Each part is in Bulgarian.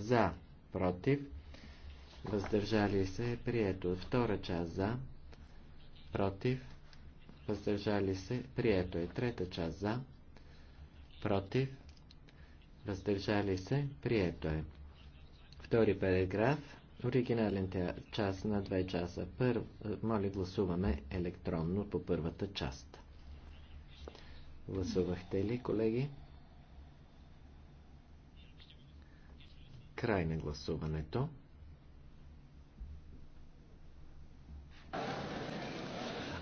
за, против, въздържали се, прието. Втора част за, против, въздържали се, прието е. Трета част за, против, въздържали се, прието е. Втори параграф, оригинален част на две часа. Първ, моля, гласуваме електронно по първата част. Гласувахте ли, колеги? Край на гласуването.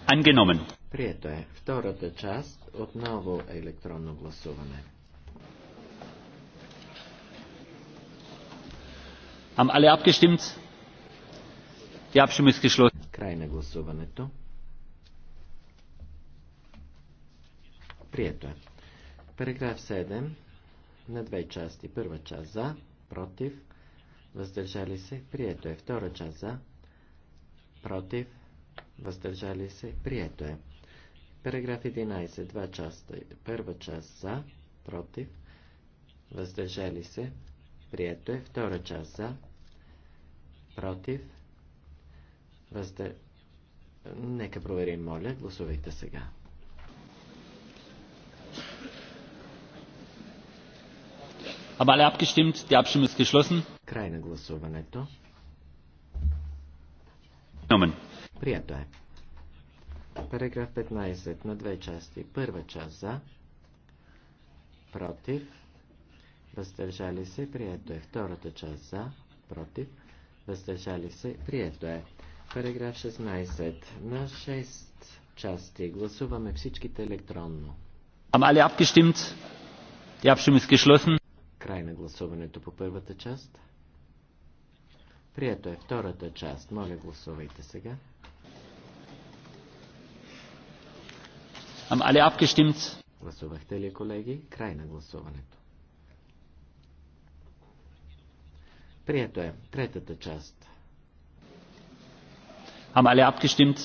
Ангеномен. Прието е. Втората част отново е електронно гласуване. Haben alle abgestimmt? Die Abstimmung ist geschlossen. Край на гласуването. Прието е. Параграф 7 на две части. Първа част за, против, въздържали се, прието е. Втора част за, против, въздържали се, прието е. Параграф 11, два часа, Първа част за, против, въздържали се, прието е. Втора част за, против, въздържали Нека проверим, моля. Гласувайте сега. Haben alle abgestimmt? Die Abstimmung ist geschlossen. Край на гласуването. Номен. Прието 15 на две части. Първа част за, против, въздържали се, прието е. Втората част за, против, въздържали се, прието е. Параграф 16 на 6 части. Гласуваме всичките електронно. Haben alle abgestimmt? Die Abstimmung ist geschlossen. Край на гласуването по първата част. Прието е втората част. Моля, гласувайте сега. alle abgestimmt? Гласувахте ли, колеги? Край на гласуването. Прието е. Третата част. Haben alle abgestimmt?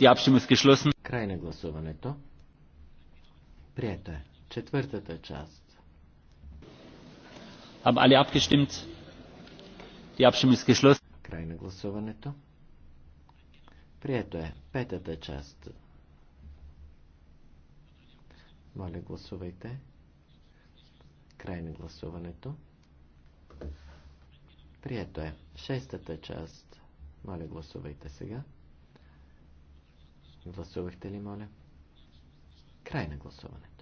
Die Abstimmung ist geschlossen. Край на гласуването. Прието е. Четвъртата част. Haben alle abgestimmt? Die Abstimmung ist geschlossen. Край на гласуването. Прието е петата част. Моля, гласувайте. Край на гласуването. Прието е шестата част. Моля, гласувайте сега. Гласувахте ли, моля? Край на гласуването.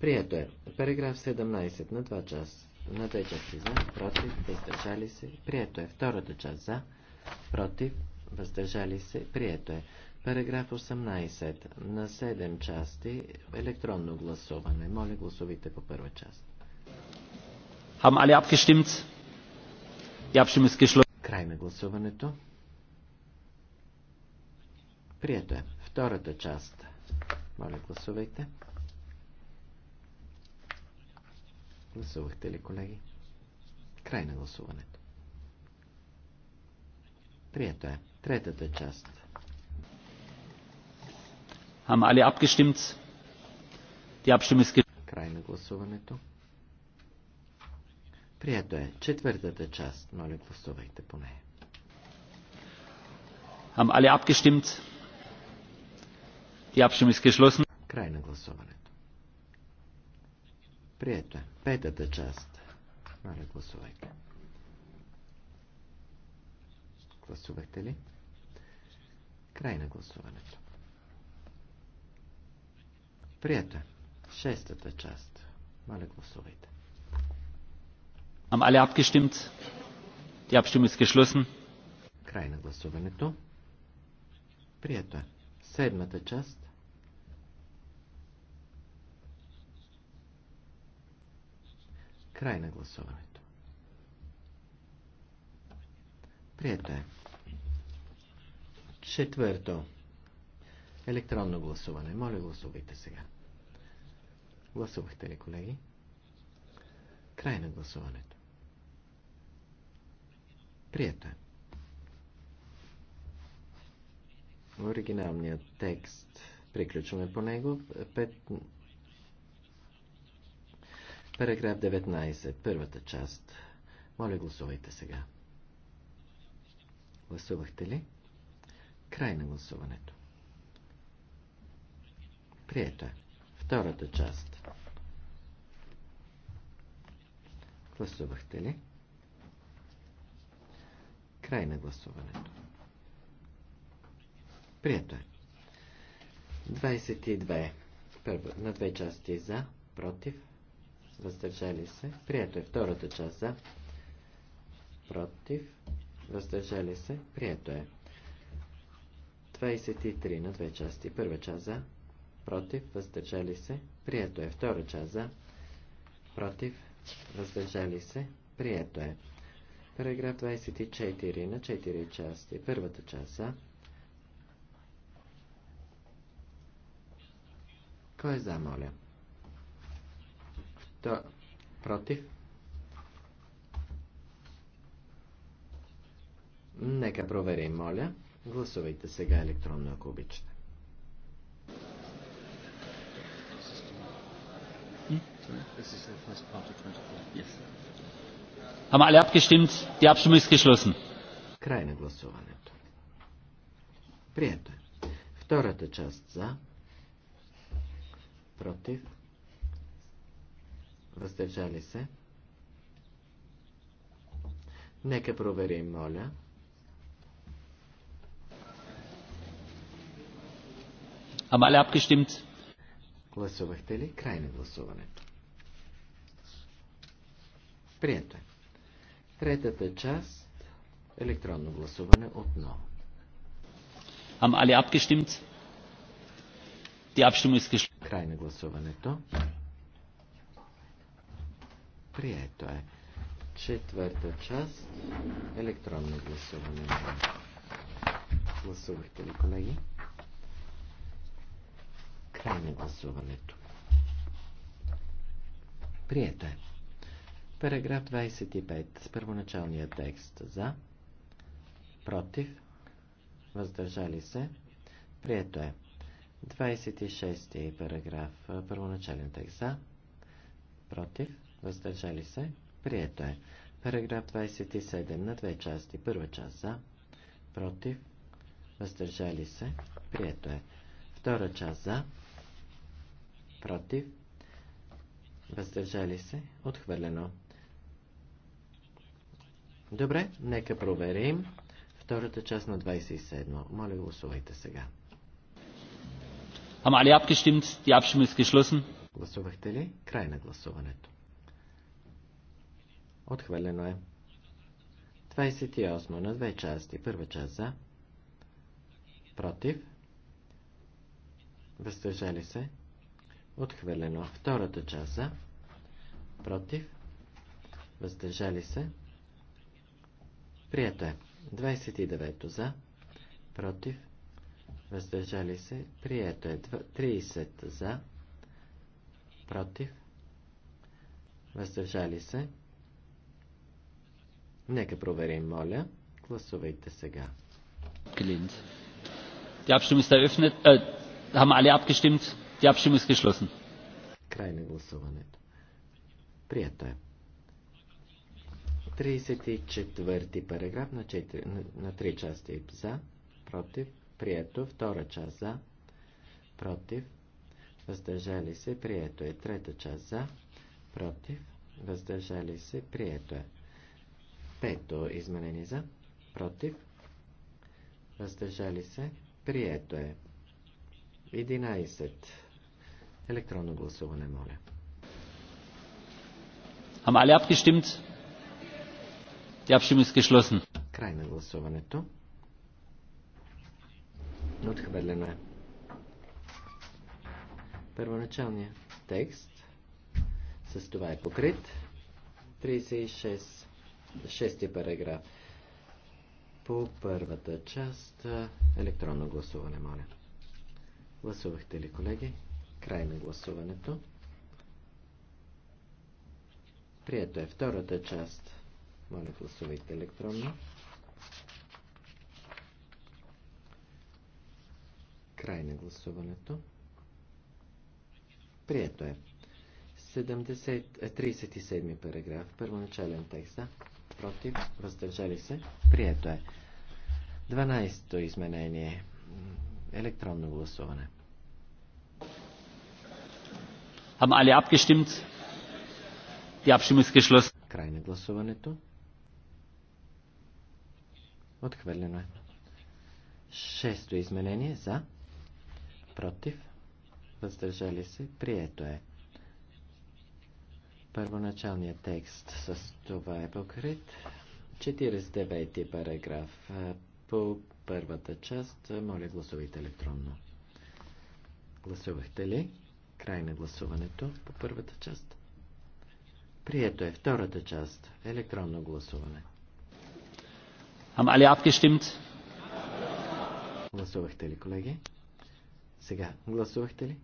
Прието е. Параграф 17 на два час. На 2 части за, против, въздържали се. Прието е. Втората част за, против, въздържали се. Прието е. Параграф 18 на 7 части. Електронно гласуване. Моля гласовите по първа част. Хам али abgestimmt? Край на гласуването. Прието е. Втората част. Моля гласувайте. Гласувахте ли, колеги? Край на гласуването. Прието е. Третата част. Haben alle abgestimmt? Die Край на гласуването. Прието е. Четвъртата част. Моля, гласувайте по нея. Haben alle abgestimmt? Die Край на гласуването. Прието е. Петата част. Маля гласувайте. Гласувахте ли? Край на гласуването. Прието е. Шестата част. Маля гласувайте. Am alle abgestimmt? Die Abstimmung ist geschlossen. Край на гласуването. Прието е. Седмата част. Край на гласуването. Прието е. Четвърто. Електронно гласуване. Моля, гласувайте сега. Гласувахте ли, колеги? Край на гласуването. Прието е. Оригиналният текст. Приключваме по него. Пет... Параграф 19, първата част. Моля, гласувайте сега. Гласувахте ли? Край на гласуването. Приета. е. Втората част. Гласувахте ли? Край на гласуването. Прието е. 22. Първо, на две части за, против, въздържали се, прието е втората част за, против, въздържали се, прието е. 23 на две части. Първа част за, против, въздържали се, прието е. Втора част за, против, въздържали се, прието е. Параграф 24 на 4 части. Първата част за, кой е за, моля? Да, против. Нека проверим, моля. Гласувайте сега електронно, ако обичате. Haben alle abgestimmt? Die Abstimmung ist geschlossen. Край на гласуването. Прието е. Втората част за. Против въздържали се. Нека проверим, моля. Ама ли абгестимт? Гласувахте ли? Край на гласуването. Прието е. Третата част – електронно гласуване отново. Am alle abgestimmt? Die Abstimmung искаш. Край на гласуването. Прието е. Четвърта част. Електронно гласуване. Гласувахте ли, колеги? Край на гласуването. Прието е. Параграф 25 с първоначалния текст за, против, въздържали се, прието е. 26 параграф, първоначален текст за, против, въздържали се, прието е. Параграф 27 на две части. Първа част за, против, въздържали се, прието е. Втора част за, против, въздържали се, отхвърлено. Добре, нека проверим втората част на 27. Моля, гласувайте сега. Haben alle abgestimmt? Die Abstimmung ist geschlossen. Гласувахте ли? Край на гласуването. Отхвърлено е. 28 на две части. Първа част за. Против. Въздържали се. Отхвърлено. Втората част за. Против. Въздържали се. Прието е. 29 за. Против. Въздържали се. Прието е. 30 за. Против. Въздържали се. Нека проверим, моля. Гласувайте сега. Gelehnt. Die Abstimmung ist eröffnet. Äh, haben alle abgestimmt? Die Abstimmung ist geschlossen. Край на гласуването. Прието е. 34 параграф на, 4, на 3 части за, против, прието, втора част за, против, въздържали се, прието е, трета част за, против, въздържали се, прието е. Пето изменени за, против, въздържали се, прието е. 11. Електронно гласуване, моля. Haben alle abgestimmt? Die Abstimmung ist geschlossen. Край на гласуването. Отхвърлено е. Първоначалният текст с това е покрит. 36 Шестия параграф. По първата част електронно гласуване, моля. Гласувахте ли, колеги? Край на гласуването. Прието е втората част. Моля, гласувайте електронно. Край на гласуването. Прието е. 70, 37 параграф, първоначален текст, да? против, въздържали се, прието е. 12-то изменение. Електронно гласуване. Haben alle abgestimmt? Die Abstimmung ist geschlossen. Край на гласуването. Отхвърлено е. Шесто изменение за, против, въздържали се, прието е. Първоначалният текст с това е покрит. 49 параграф. По първата част, моля гласувайте електронно. Гласувахте ли? Край на гласуването по първата част. Прието е втората част. Електронно гласуване. Ам alle abgestimmt? Гласувахте ли, колеги? Сега, гласувахте ли?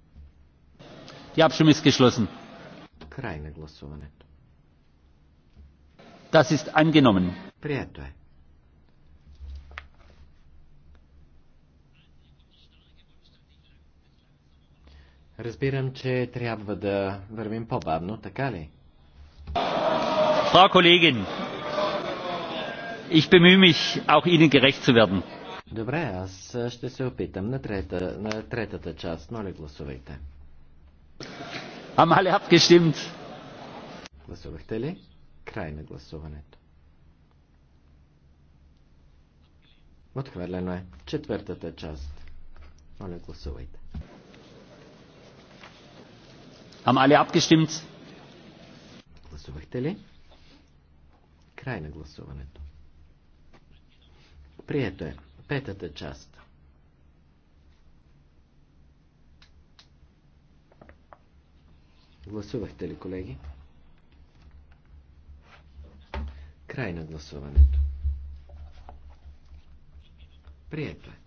Die Abstimmung ist geschlossen. Край на гласуването. Das ist angenommen. Прието е. Разбирам, че трябва да вървим по-бавно, така ли? Frau Kollegin, ich bemühe mich, auch Ihnen gerecht zu werden. Добре, аз ще се опитам на, трета, на третата част. Моля, гласувайте. Haben alle abgestimmt? Гласувахте ли? Край на гласуването. Отхвърлено е. Четвъртата част. Моля, гласувайте. Haben alle abgestimmt? Гласувахте ли? Край на гласуването. Прието е. Петата част. Гласувахте ли, колеги? Край на гласуването. Прието е.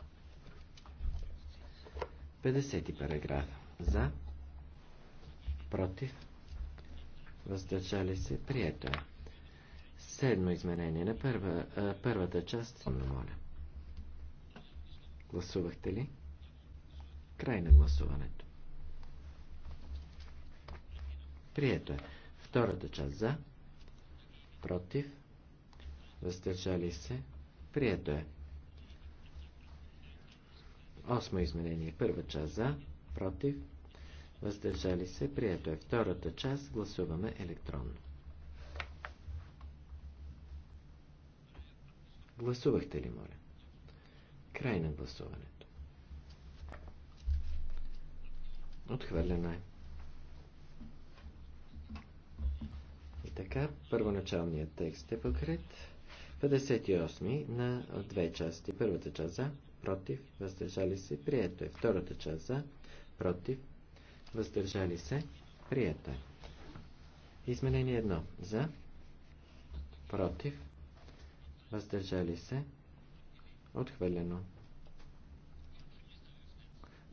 50 параграф. За. Против. Въздържали се. Прието е. Седмо изменение на първа, а, първата част. Моля. Гласувахте ли? Край на гласуването. Прието е. Втората част за, против, въздържали се, прието е. Осмо изменение. Първа част за, против, въздържали се, прието е. Втората част гласуваме електронно. Гласувахте ли, моля? Край на гласуването. Отхвърлено е. Така, първоначалният текст е покрит. 58 на две части. Първата част за, против, въздържали се, прието е. Втората част за, против, въздържали се, прието е. Изменение 1. За, против, въздържали се, отхвърлено.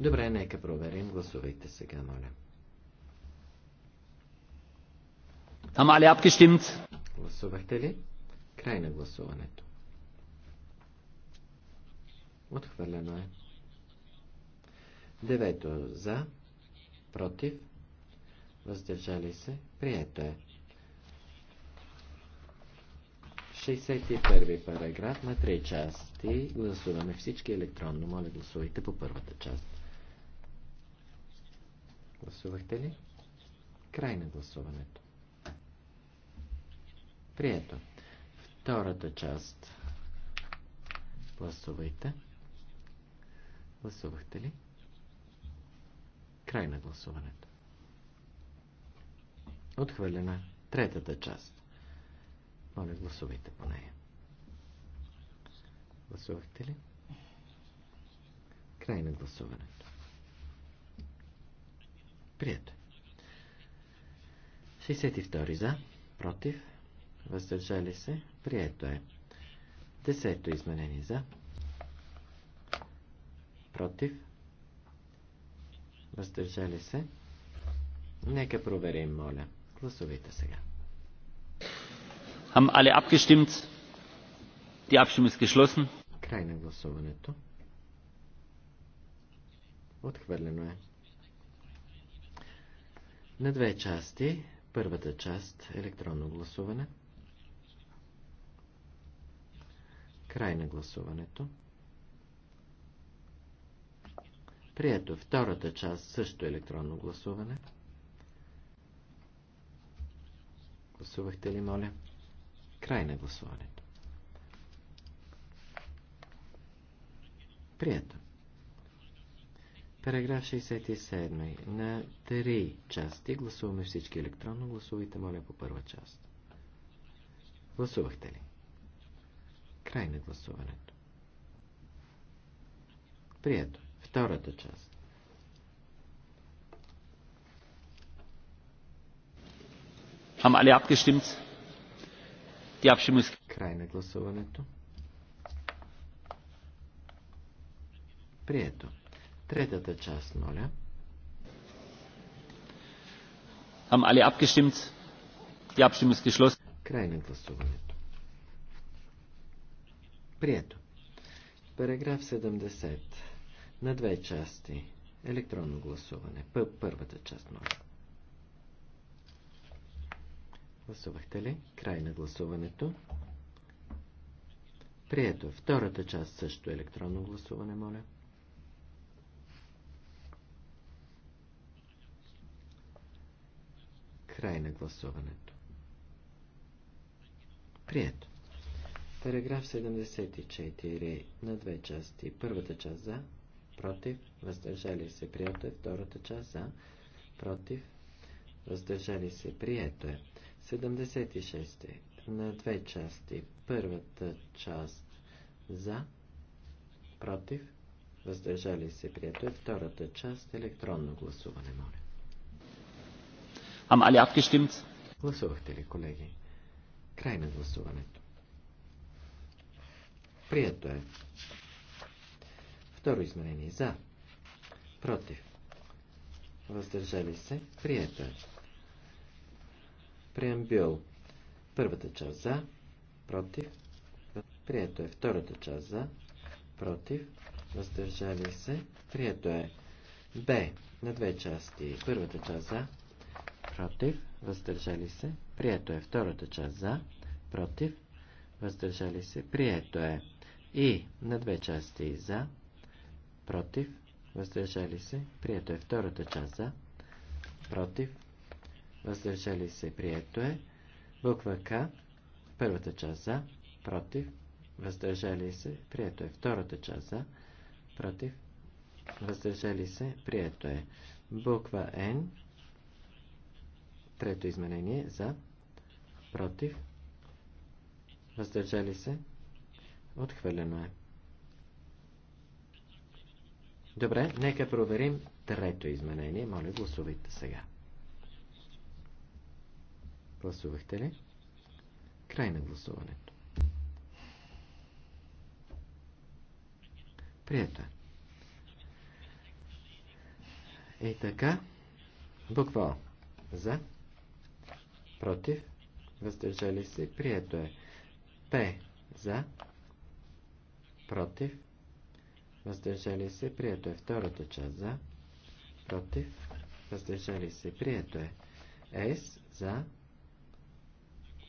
Добре, нека проверим. Гласувайте сега, моля. али alle abgestimmt? Гласувахте ли? Край на гласуването. Отхвърлено е. Девето за, против, въздържали се, прието е. 61 параграф на 3 части. Гласуваме всички електронно. Моля, гласувайте по първата част. Гласувахте ли? Край на гласуването. Прието. Втората част. Гласувайте. Гласувахте ли? Край на гласуването. Отхвърлена третата част. Моля, гласувайте по нея. Гласувахте ли? Край на гласуването. Прието. 62 за, против, въздържали се, прието е. Десето изменение за, против, въздържали се. Нека проверим, моля. Гласувайте сега. Haben alle abgestimmt? Die Abstimmung ist geschlossen. Край на гласуването. Отхвърлено е. На две части. Първата част електронно гласуване. Край на гласуването. Прието втората част също електронно гласуване. Гласувахте ли, моля? Край на гласуването. Прието. Параграф 67. На три части гласуваме всички електронно. Гласувайте, моля, по първа част. Гласувахте ли? Край на гласуването. Прието. Втората част. Хам али abgestimmt? Ти Abstimmung ist... Край на гласуването. Прието. Третата част, моля. Хам али abgestimmt? Ти Abstimmung ist Край на гласуването. Прието. Параграф 70. На две части. Електронно гласуване. П първата част, може. Гласувахте ли? Край на гласуването. Прието. Втората част също е електронно гласуване, моля. Край на гласуването. Прието. Параграф 74 на две части. Първата част за, против, въздържали се, прието е. Втората част за, против, въздържали се, прието е. 76 на две части. Първата част за, против, въздържали се, прието е. Втората част електронно гласуване, моля. Am alle abgestimmt? Гласувахте ли, колеги? Край на гласуването. Прието е. Второ изменение. За. Против. Въздържали се. Прието е. Преамбюл. Първата част за. Против. Прието е. Втората част за. Против. Въздържали се. Прието е. Б. На две части. Първата част за. Против. Въздържали се. Прието е. Втората част за. Против. Въздържали се. Прието е. И на две части за, против, въздържали се, прието е втората част за, против, въздържали се, прието е, буква К, първата част за, против, въздържали се, прието е втората част за, против, въздържали се, прието е, буква Н, трето изменение за, против, въздържали се, Отхвърлено е. Добре, нека проверим трето изменение. Моля, гласувайте сега. Гласувахте ли? Край на гласуването. Прието е. И така, буква О. За, против, въздържали се, прието е. П за, против, въздържали се, прието е. Втората част за, против, въздържали се, прието е. Ес, за,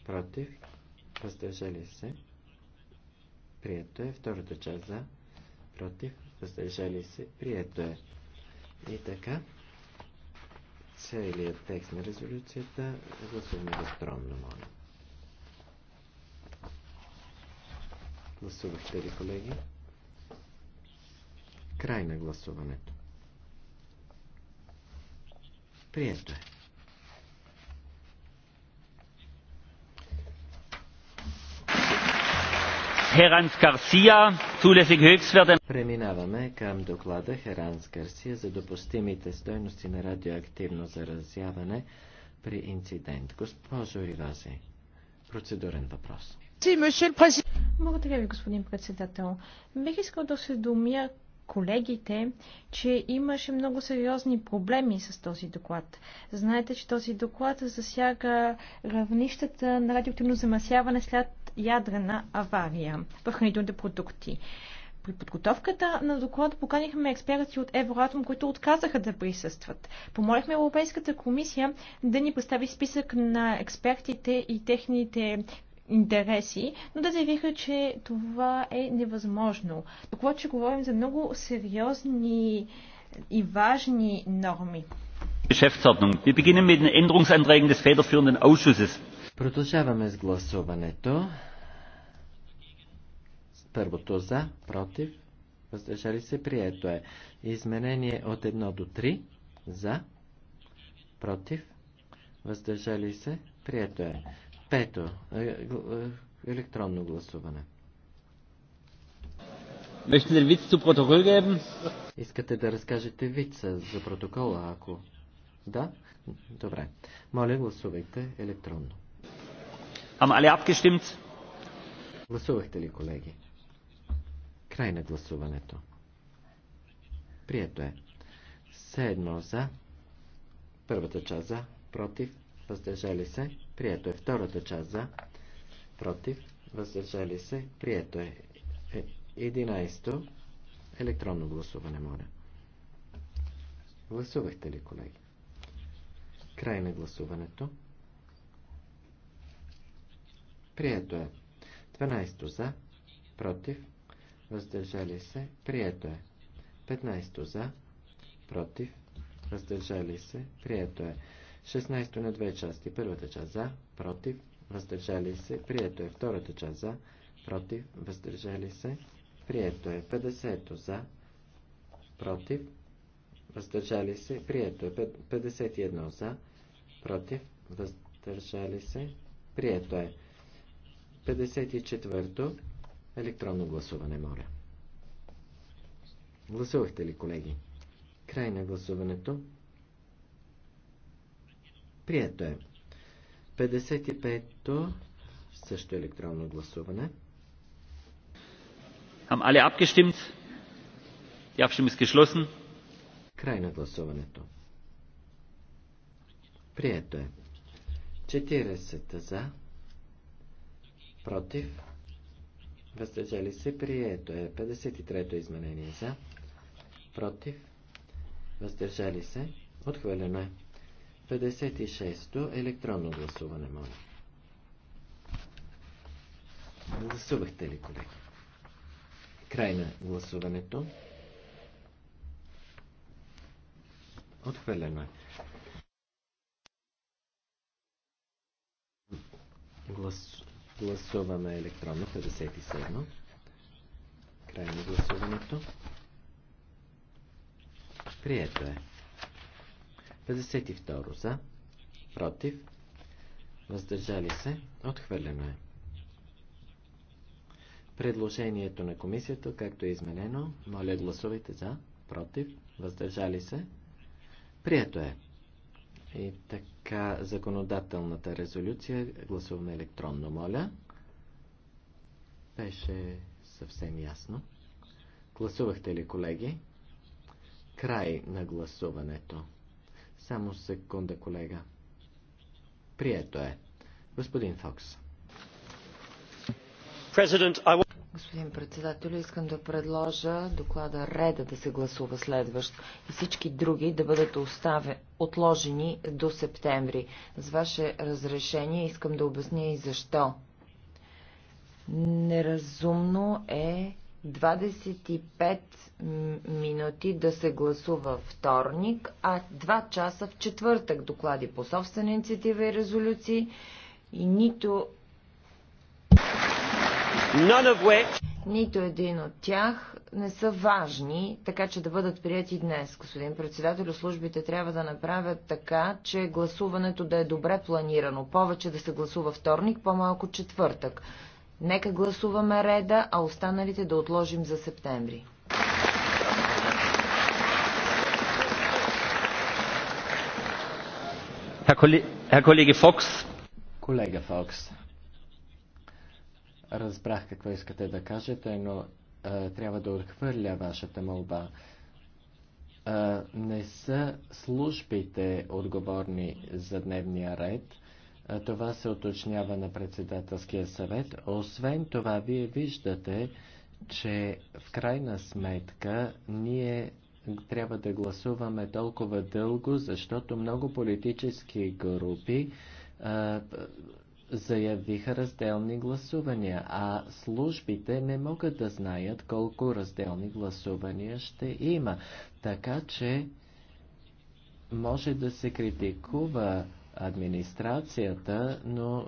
против, въздържали се, прието е. Втората част за, против, въздържали се, прието е. И така, целият текст на резолюцията гласуваме електронно, моля. Гласувахте ли, колеги? Край на гласуването. Прието е. Херанс Карсия, тулесик Höchstwerte. Преминаваме към доклада Херанс Карсия за допустимите стойности на радиоактивно заразяване при инцидент. Госпожо Ривази, процедурен въпрос. Благодаря ви, господин председател. Бих искал да осведомя колегите, че имаше много сериозни проблеми с този доклад. Знаете, че този доклад засяга равнищата на радиоактивно замасяване след ядрена авария в хранителните продукти. При подготовката на доклада поканихме експерти от Евроатом, които отказаха да присъстват. Помолихме Европейската комисия да ни представи списък на експертите и техните интереси, но да заявиха, че това е невъзможно. Доклад, че говорим за много сериозни и важни норми. Продължаваме с гласуването. Първото за, против, въздържали се, прието е. Изменение от 1 до 3, за, против, въздържали се, прието е. Пето. Е, е, електронно гласуване. Möchten den Witz zu Protokoll geben? Искате да разкажете вица за протокола, ако... Да? Добре. Моля, гласувайте електронно. Am alle abgestimmt? Гласувахте ли, колеги? Край на гласуването. Прието е. Седмо за. Първата част за. Против. Въздържали се. Прието е втората част за. Против. Въздържали се. Прието е. 11. Е, Електронно гласуване, моля. Гласувахте ли, колеги? Край на гласуването. Прието е. 12 за. Против. Въздържали се. Прието е. 15 за. Против. Въздържали се. Прието е. 16 на две части. Първата част за, против, въздържали се, прието е. Втората част за, против, въздържали се, прието е. 50 за, против, въздържали се, прието е. 51 за, против, въздържали се, прието е. 54 електронно гласуване, моля. Гласувахте ли, колеги? Край на гласуването. Прието е. 55-то също електронно гласуване. Хам alle abgestimmt? Die Abstimmung ist geschlossen. Край на гласуването. Прието е. 40 за. Против. Въздържали се. Прието е. 53-то изменение за. Против. Въздържали се. Отхвърлено е. 56-то електронно гласуване, моля. Гласувахте ли, колеги? Край на гласуването. Отхвърлено е. Глас... Гласуваме електронно 57. Край на гласуването. Прието е. 52 за, против, въздържали се, отхвърлено е. Предложението на комисията, както е изменено, моля гласувайте за, против, въздържали се, прието е. И така, законодателната резолюция гласуваме електронно, моля. Беше съвсем ясно. Гласувахте ли, колеги? Край на гласуването. Само секунда, колега. Прието е. Господин Фокс. Господин председател, искам да предложа доклада Реда да се гласува следващ и всички други да бъдат оставе, отложени до септември. С ваше разрешение искам да обясня и защо. Неразумно е 25 минути да се гласува вторник, а 2 часа в четвъртък доклади по собствена инициатива и резолюции и нито нито един от тях не са важни, така че да бъдат прияти днес. Господин председател, службите трябва да направят така, че гласуването да е добре планирано. Повече да се гласува вторник, по-малко четвъртък. Нека гласуваме реда, а останалите да отложим за септември. Колега Фокс. Колега Фокс. Разбрах какво искате да кажете, но а, трябва да отхвърля вашата молба. не са службите отговорни за дневния ред. Това се уточнява на председателския съвет. Освен това, вие виждате, че в крайна сметка ние трябва да гласуваме толкова дълго, защото много политически групи а, заявиха разделни гласувания, а службите не могат да знаят колко разделни гласувания ще има. Така че може да се критикува администрацията, но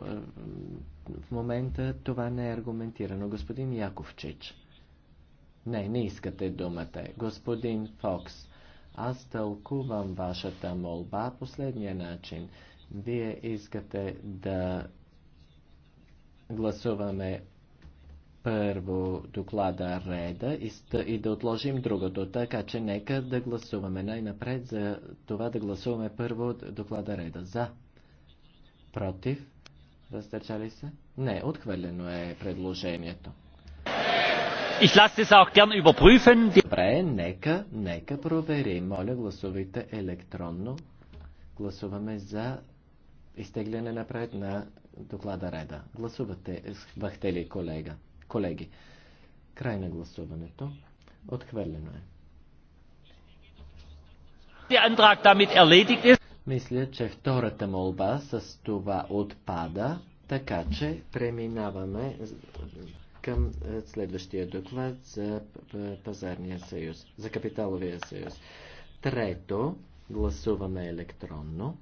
в момента това не е аргументирано. Господин Яковчич. Не, не искате думата. Господин Фокс, аз тълкувам вашата молба последния начин. Вие искате да гласуваме първо доклада Реда и да отложим другото. Така че нека да гласуваме най-напред за това да гласуваме първо доклада Реда. За. Против. Въздържали се? Не, отхвърлено е предложението. Ich lasse es auch gern überprüfen. Добре, нека, нека проверим. Моля, гласувайте електронно. Гласуваме за изтегляне напред на доклада Реда. Гласувате, е, вахте ли колега? колеги. Край на гласуването. Отхвърлено е. Мисля, че втората молба с това отпада, така че преминаваме към е, следващия доклад за пазарния съюз, за капиталовия съюз. Трето, гласуваме електронно.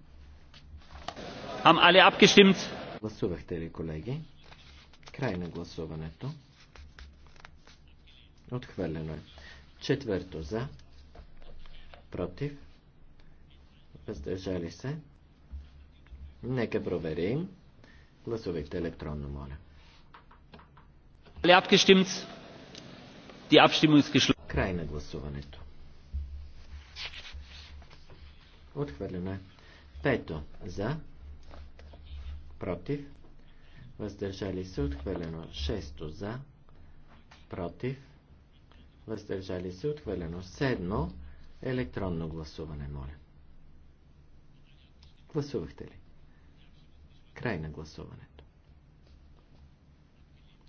Гласувахте ли, колеги? Край на гласуването. Отхвърлено е. Четвърто за. Против. Въздържали се. Нека проверим. Гласувайте електронно, моля. Край на гласуването. Отхвърлено е. Пето за. Против въздържали се отхвърлено 6 за, против, въздържали се отхвърлено 7 електронно гласуване, моля. Гласувахте ли? Край на гласуването.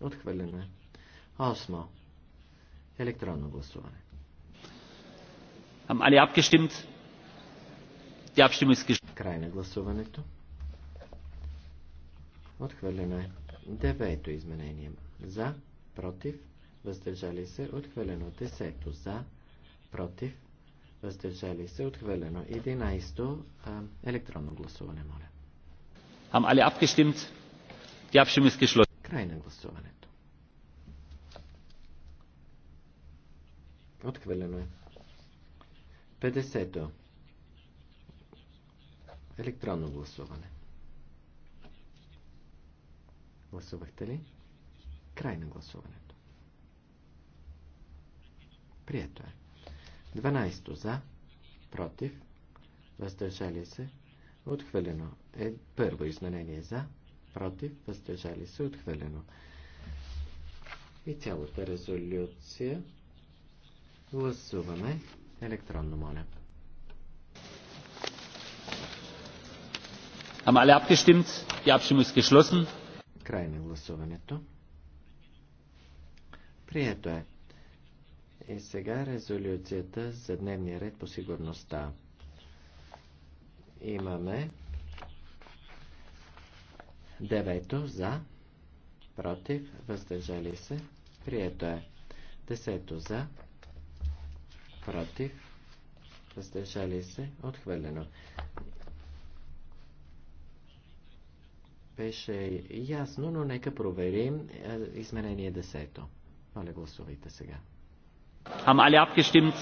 Отхвърлено е. Осмо. Електронно гласуване. Haben alle abgestimmt? Die Abstimmung ist Край на гласуването. Отхвърлено е. Девето изменение. За, против, въздържали се, отхвърлено. Десето. За, против, въздържали се, отхвърлено. Единайсто. Електронно гласуване, моля. Haben alle abgestimmt? Die Abstimmung ist geschlossen. Край на гласуването. Отхвърлено е. 50-то. Електронно гласуване. Гласувахте ли? Край на гласуването. Прието е. 12 за, против, въздържали се, отхвърлено. Е първо изменение за, против, въздържали се, отхвърлено. И цялата резолюция гласуваме електронно, моля. Haben alle abgestimmt? Die Abstimmung ist geschlossen. Край на гласуването. Прието е. И сега резолюцията за дневния ред по сигурността. Имаме девето за, против, въздържали се. Прието е. Десето за, против, въздържали се, отхвърлено. беше ясно, но нека проверим е, изменение 10. Моля, гласувайте сега. Haben alle abgestimmt?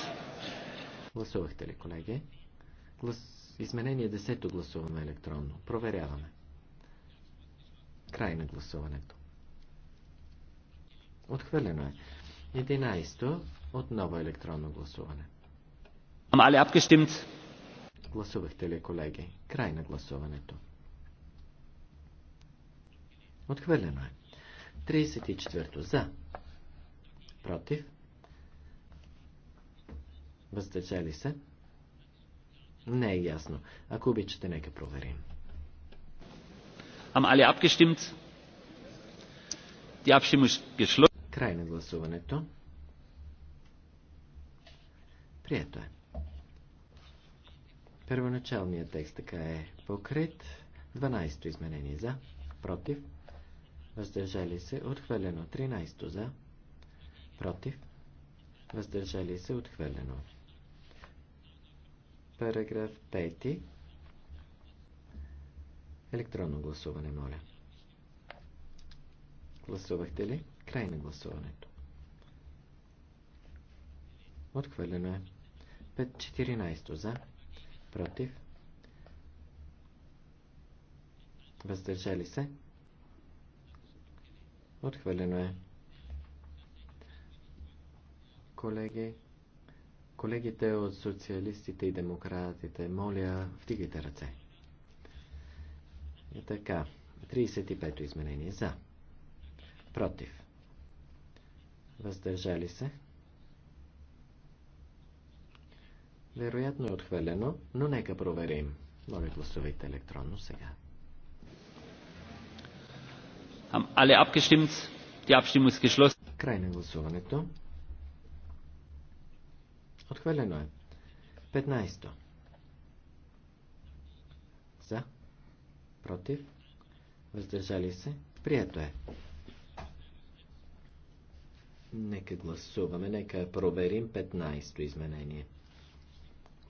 Гласувахте ли, колеги? Глас... Изменение 10 гласуваме електронно. Проверяваме. Край на гласуването. Отхвърлено е. 11. Отново електронно гласуване. Haben alle abgestimmt? Гласувахте ли, колеги? Край на гласуването. Отхвърлено е. 34. За. Против. Въздържали се. Не е ясно. Ако обичате, нека проверим. Am alle abgestimmt? Die Abstimmung ist geschlossen. Край на гласуването. Прието е. Първоначалният текст така е покрит. 12-то изменение за, против, въздържали се, отхвърлено. 13 за, против, въздържали се, отхвърлено. Параграф 5. Електронно гласуване, моля. Гласувахте ли? Край на гласуването. Отхвърлено е. 5.14 за. Против. Въздържали се. Отхвърлено е. Колеги, колегите от социалистите и демократите, моля, вдигайте ръце. И така, 35-то изменение за. Против. Въздържали се. Вероятно е отхвърлено, но нека проверим. Моля, гласувайте електронно сега. Край на гласуването. Отхвърлено е. 15. За. Против. Въздържали се. Прието е. Нека гласуваме, нека проверим 15-то изменение.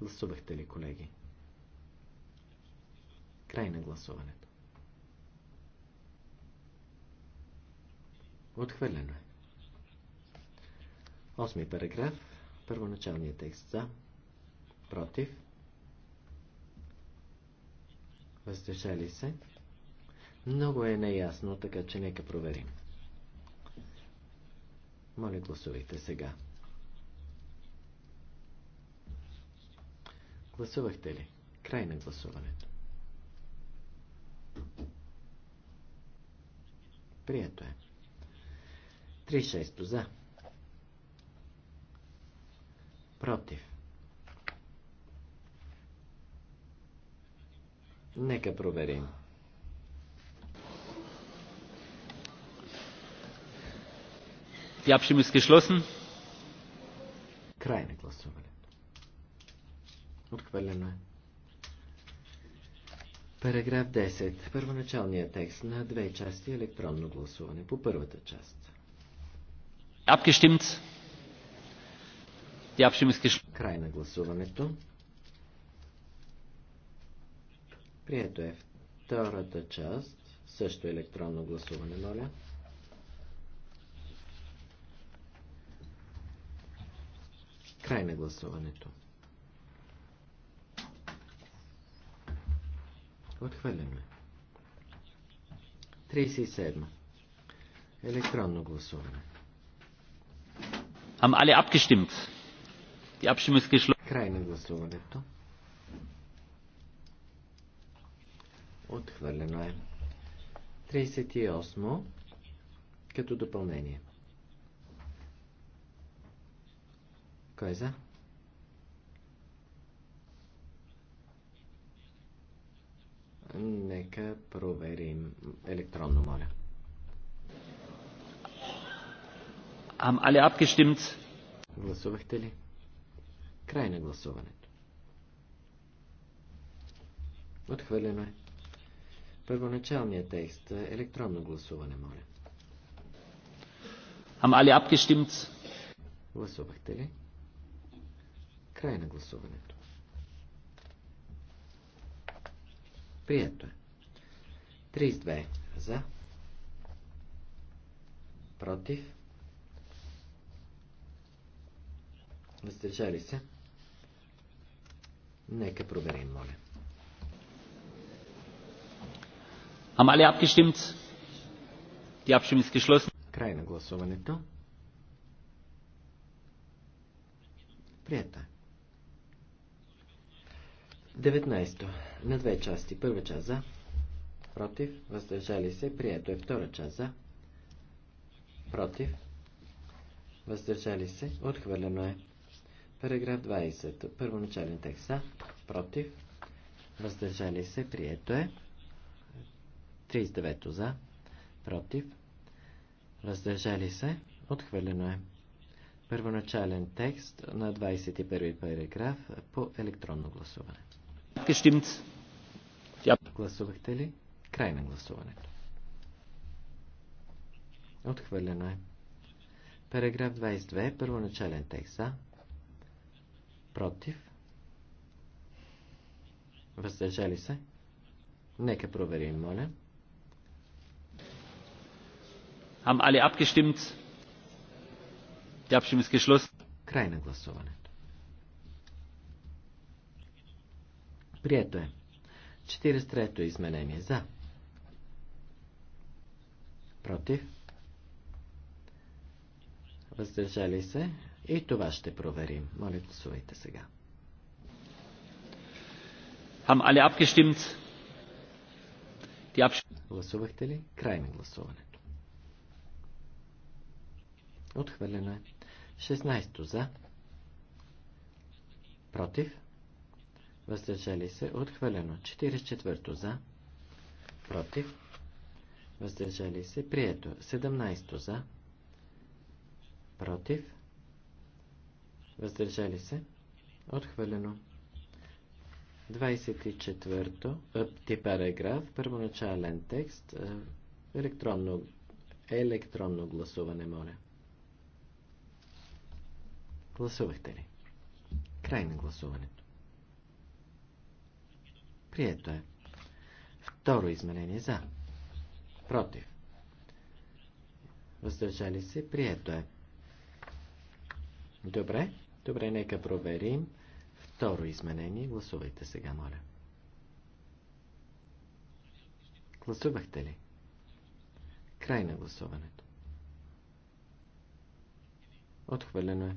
Гласувахте ли, колеги? Край на гласуването. Отхвърлено е. Осми параграф. Първоначалният текст за. Против. Въздържали се. Много е неясно, така че нека проверим. Моля, гласувайте сега. Гласувахте ли? Край на гласуването. Прието е. 36 за. Против. Нека проверим. Die Abstimmung ist geschlossen. Край на гласуването. Отхвърлено е. Параграф 10. Първоначалният текст на две части електронно гласуване по първата част. Abgestimmt. Die Abstimmung ist geschlossen. Край на гласуването. Прието е втората част. Също електронно гласуване, моля. Край на гласуването. Отхвърляме. 37. Електронно гласуване. Haben alle abgestimmt? Die Abstimmung ist geschlossen. Отхвърлено е. 38 като допълнение. Кой е за? Нека проверим електронно, моля. Ам alle abgestimmt? Гласувахте ли? Край на гласуването. Отхвърлено е. Първоначалният текст. Е електронно гласуване, моля. Ам alle abgestimmt? Гласувахте ли? Край на гласуването. Прието е. 32 за. Против. Въздържали се? Нека проверим, моля. Haben alle abgestimmt? Die Abstimmung ist geschlossen. Край на гласуването. Прията. 19. На две части. Първа част за. Против. Въздържали се. Прието е втора част за. Против. Въздържали се. Отхвърлено е. Параграф 20. Първоначален текст за, против, въздържали се, прието е. 39 за, против, въздържали се, отхвърлено е. Първоначален текст на 21 параграф по електронно гласуване. Gestimmt. Гласувахте ли? Край на гласуването. Отхвърлено е. Параграф 22, първоначален текст за, против, въздържали се. Нека проверим, моля. Haben alle abgestimmt? Die Abstimmung ist geschlossen. Край на гласуването. Прието е. 43-то изменение за. Против. Въздържали се. И това ще проверим. Моля, гласувайте сега. Хам alle abgestimmt? Гласувахте ли? Край на гласуването. Отхвърлено е. 16 за. Против. Въздържали се. Отхвърлено. 44 за. Против. Въздържали се. Прието. 17 за. Против въздържали се, отхвърлено. 24-то, ти параграф, първоначален текст, електронно, електронно гласуване, моля. Гласувахте ли? Край на гласуването. Прието е. Второ изменение за. Против. Въздържали се. Прието е. Добре. Добре, нека проверим. Второ изменение. Гласувайте сега, моля. Гласувахте ли? Край на гласуването. Отхвърлено е.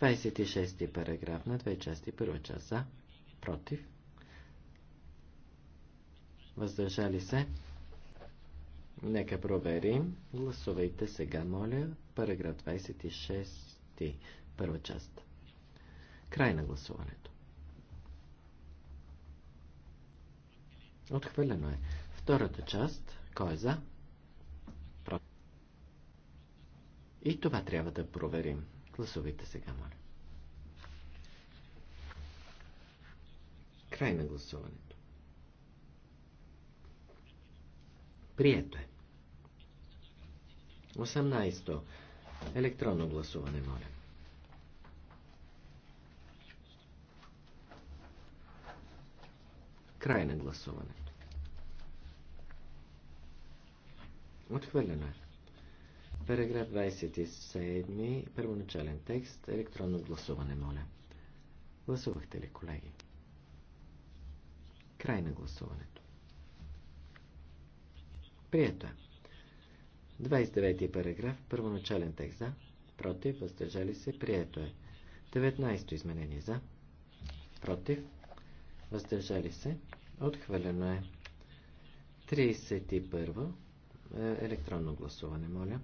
26 параграф на две части. Първа част за, против, въздържали се. Нека проверим. Гласувайте сега, моля. Параграф 26 части. Първа част. Край на гласуването. Отхвърлено е. Втората част. Кой е за? И това трябва да проверим. Гласувайте сега, моля. Край на гласуването. Прието е. 18. Електронно гласуване, моля. Край на гласуването. Отхвърлено е. Параграф 27, първоначален текст, електронно гласуване, моля. Гласувахте ли, колеги? Край на гласуването. Прието е. 29 параграф, първоначален текст за, против, въздържали се, прието е. 19 изменение за, против, въздържали се, отхвърлено е. 31 е, електронно гласуване, моля.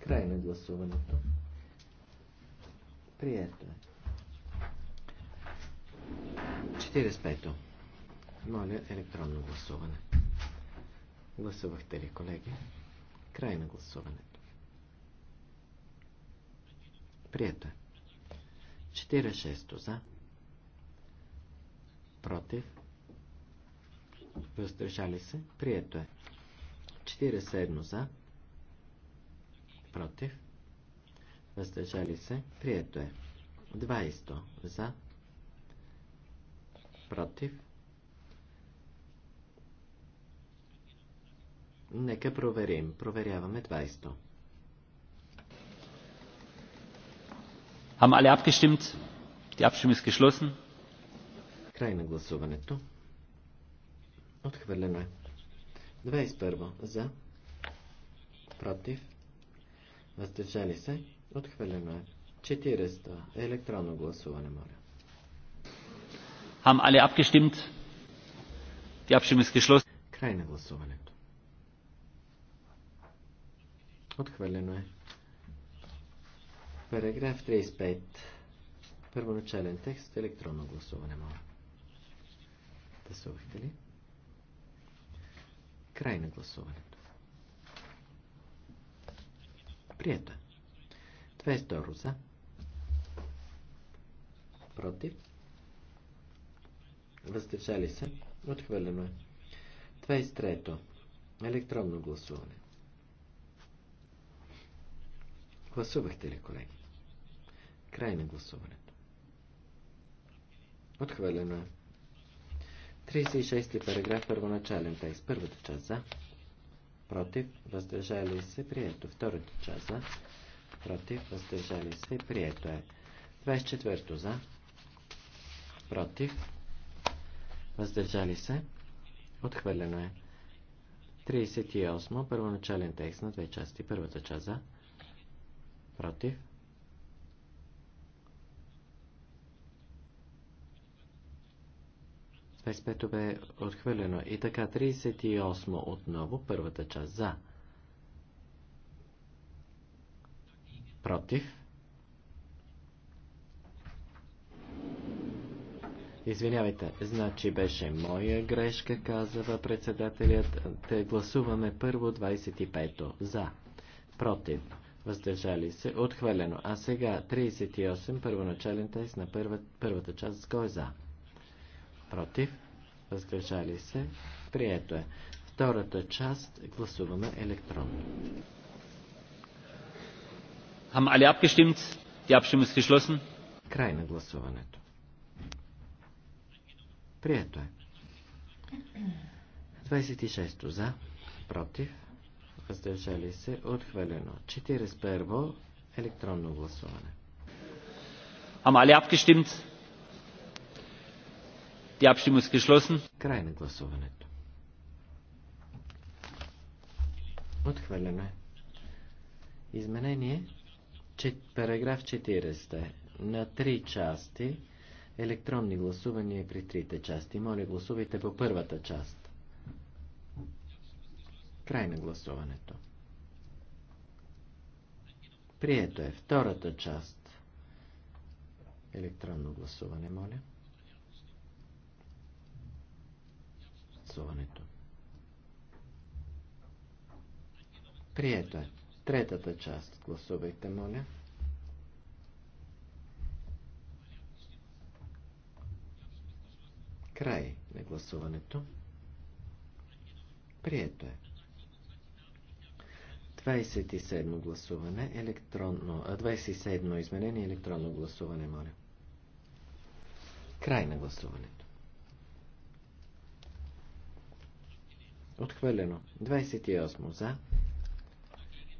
Край на гласуването. Прието е. 45. то моля електронно гласуване. Гласувахте ли, колеги? Край на гласуването. Прието е. 46 за. Против. Въздържали се. Прието е. 47 за. Против. Въздържали се. Прието е. 20 за. Против Нека проверим. Проверяваме 20-то. Haben alle abgestimmt? Die Abstimmung ist geschlossen. Край на гласуването. Отхвърлено е. 21. За. Против. Въздържали се. Отхвърлено е. 400. Електронно гласуване, моля. Haben alle abgestimmt? Die Abstimmung ist geschlossen. Край на гласуването. Отхвърлено е. Параграф 35. Първоначален текст. Електронно гласуване, моля. Гласувахте ли? Край на гласуването. Прието. Е. второ за. Против. Въздържали се. Отхвърлено е. трето. Електронно гласуване. Гласувахте ли, колеги? Край на гласуването. Отхвърлено е. 36 ти параграф, първоначален текст. Първата част за. Против, въздържали се, прието. Втората част за. Против, въздържали се, прието е. 24 то за. Против, въздържали се, отхвърлено е. 38 първоначален текст на две части. Първата част за. Против? Двадесет бе отхвърлено. И така, 38 отново, първата част за. Против? Извинявайте, значи беше моя грешка, казва председателят. Те гласуваме първо 25-то. За. Против въздържали се, отхвърлено. А сега 38, първоначален текст на първа, първата част, кой е за? Против, въздържали се, прието е. Втората част гласуваме електронно. Haben alle abgestimmt? Die Abstimmung ist geschlossen. Край на гласуването. Прието е. 26 за, против, въздържали се, отхвърлено. 41 електронно гласуване. Ама alle abgestimmt? Die Abstimmung ist geschlossen. Край на гласуването. Отхвърлено е. Изменение параграф 40 на три части електронни гласувания при трите части. Моля, гласувайте по първата част. Край на гласуването. Прието е втората част. Електронно гласуване, моля. Гласуването. Прието е. Третата част. Гласувайте, моля. Край на гласуването. Прието е. 27 гласуване, електронно, 27 изменение, електронно гласуване, моля. Край на гласуването. Отхвърлено. 28 за.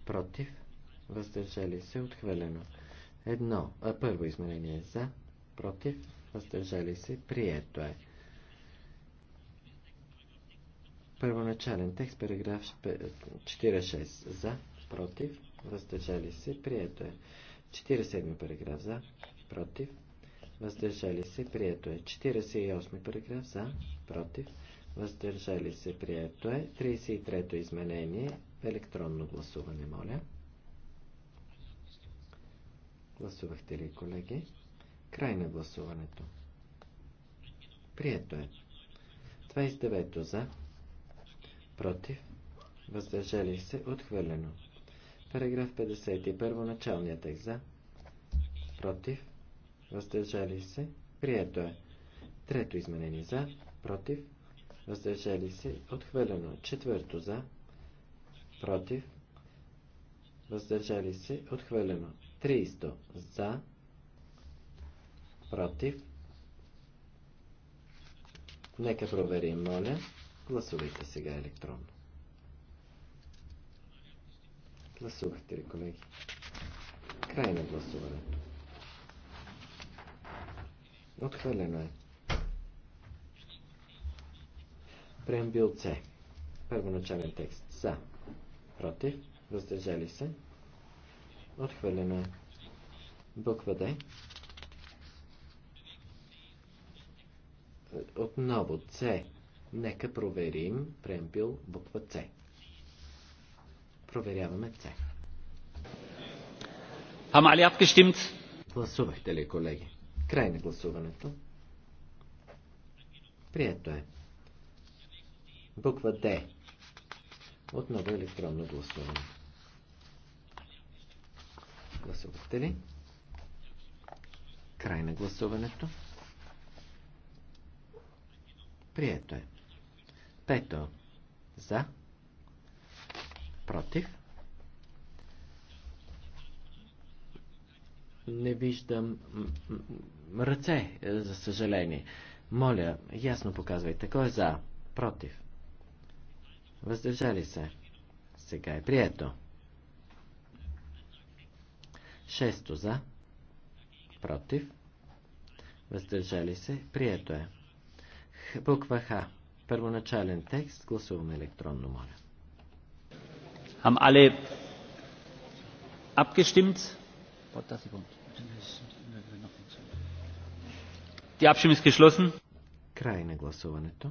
Против. Въздържали се. Отхвърлено. Едно. А, първо изменение за. Против. Въздържали се. Прието е. Първоначален текст, параграф 46. За, против, въздържали се, прието е. 47 параграф за, против, въздържали се, прието е. 48 параграф за, против, въздържали се, прието е. 33-то изменение, електронно гласуване, моля. Гласувахте ли, колеги? Край на гласуването. Прието е. 29 за, против, въздържали се, отхвърлено. Параграф 50, първоначалният текст за, против, въздържали се, прието е. Трето изменение за, против, въздържали се, отхвърлено. Четвърто за, против, въздържали се, отхвърлено. 300 за, против. Нека проверим, моля. Гласувайте сега електронно. Гласувахте ли, колеги? Край на гласуването. Отхвърлено е. Преамбил С. Първоначален текст. За. Против. Въздържали се. Отхвърлено е. Буква Д. Отново С. Нека проверим премпил буква С. Проверяваме С. Haben alle Гласувахте ли, колеги? Край на гласуването. Прието е. Буква Д. Отново електронно гласуване. Гласувахте ли? Край на гласуването. Прието е. Пето. За. Против. Не виждам ръце, е, за съжаление. Моля, ясно показвайте. Кой е за? Против. Въздържали се. Сега е прието. Шесто за. Против. Въздържали се. Прието е. Буква Х. Първоначален текст. Гласуваме електронно, моля. Haben alle abgestimmt? Die Abstimmung ist geschlossen. Край на гласуването.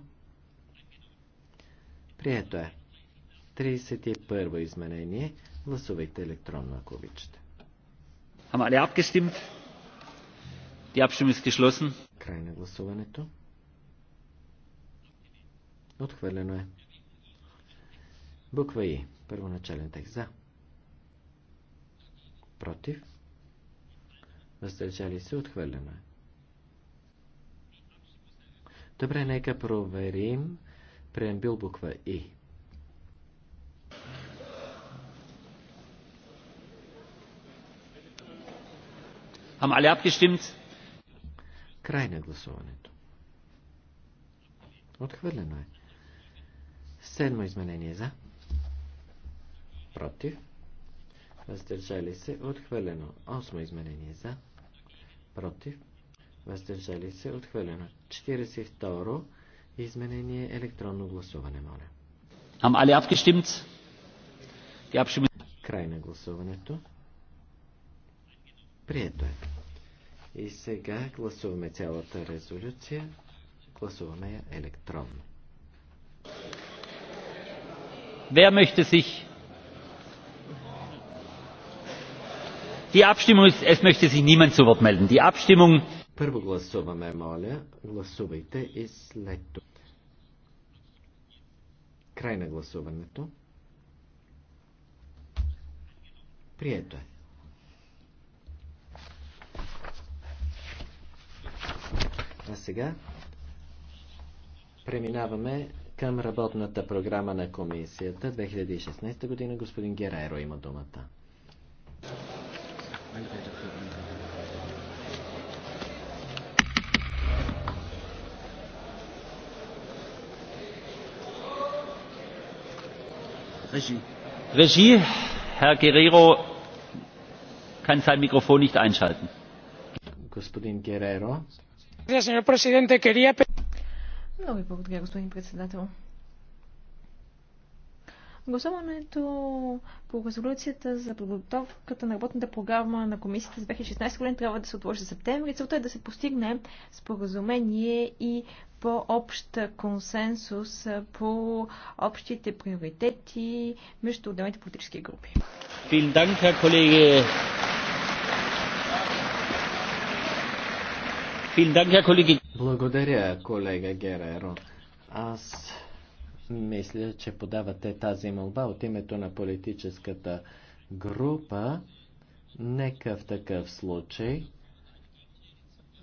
Прието е. 31 во изменение. Гласувайте електронно, ако обичате. Haben alle abgestimmt? Die Abstimmung ist geschlossen. Край на гласуването. Отхвърлено е. Буква И. Първоначален текст. За. Против. Въздържали се. Отхвърлено е. Добре, нека проверим преембил буква И. Haben alle abgestimmt? Край на гласуването. Отхвърлено е. Седмо изменение за. Против. Въздържали се. Отхвърлено. Осмо изменение за. Против. Въздържали се. Отхвърлено. 42. Изменение електронно гласуване, моля. Ам али abgestimmt? Край на гласуването. Прието е. И сега гласуваме цялата резолюция. Гласуваме я електронно wer möchte sich die abstimmung ist es möchte sich niemand zu wort melden die abstimmung Първо гласуваме, моля. Гласувайте и след това. Край на гласуването. Прието е. А сега преминаваме към работната програма на комисията 2016 година. Господин Герайро има думата. Regie. Regie, Herr Guerrero kann sein Mikrofon nicht einschalten. Господин Гереро. Señor presidente, quería много ви благодаря, господин председател. Гласуването по резолюцията за подготовката на работната програма на комисията за 2016 година трябва да се отложи за септември. Целта е да се постигне споразумение и по-общ консенсус по общите приоритети между отделните политически групи. Благодаря, колеги. Благодаря, колега Гереро. Аз мисля, че подавате тази молба от името на политическата група. Нека в такъв случай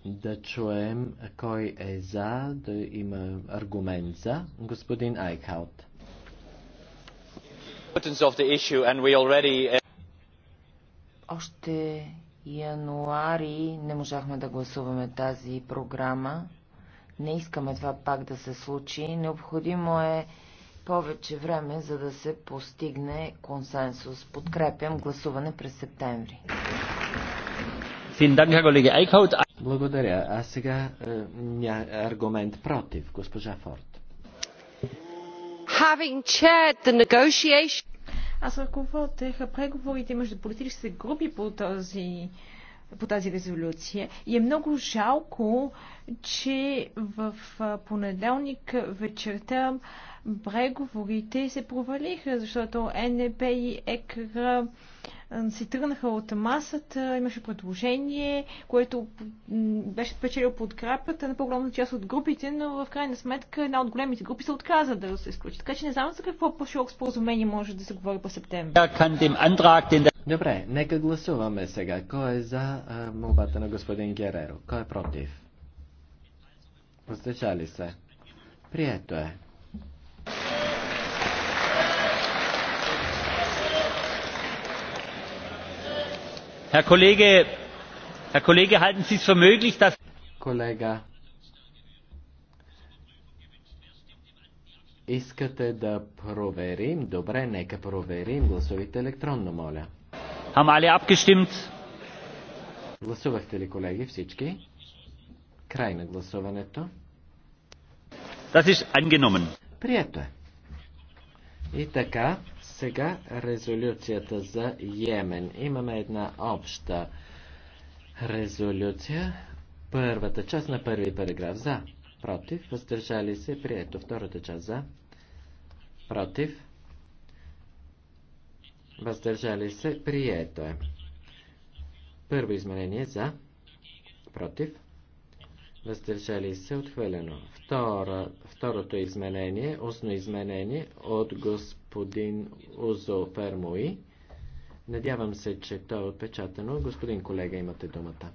да чуем кой е за, да има аргумент за. Господин Айкхаут. Uh, Още януари не можахме да гласуваме тази програма. Не искаме това пак да се случи. Необходимо е повече време, за да се постигне консенсус. Подкрепям гласуване през септември. Благодаря. А сега е, аргумент против, госпожа Форд. Having chaired the negotiation... Аз ръководех преговорите между политическите групи по този по тази резолюция. И е много жалко, че в понеделник вечерта преговорите се провалиха, защото НП и ЕКР си тръгнаха от масата, имаше предложение, което беше спечелило подкрепата на по-голямата част от групите, но в крайна сметка една от големите групи се отказа да се изключи. Така че не знам за какво по-широк споразумение може да се говори по септември. Добре, нека гласуваме сега. Кой е за молбата на господин Гереро? Кой е против? Въздържали се. Прието е. Herr Kollege, halten Sie es für möglich, dass Колега, искате да проверим? Добре, нека проверим. Гласувайте електронно, моля. Haben alle Гласувахте ли, колеги, всички? Край на гласуването. Das ist angenommen. Прието е. И така, сега резолюцията за Йемен. Имаме една обща резолюция. Първата част на първи параграф за. Против. Въздържали се. Прието. Втората част за. Против. Въздържали се. Прието е. Първо изменение за. Против. Въздържали се. Отхвърлено. Второ, второто изменение. Устно изменение от господин господин Узо Фермои. Надявам се, че то е отпечатано. Господин колега, имате думата.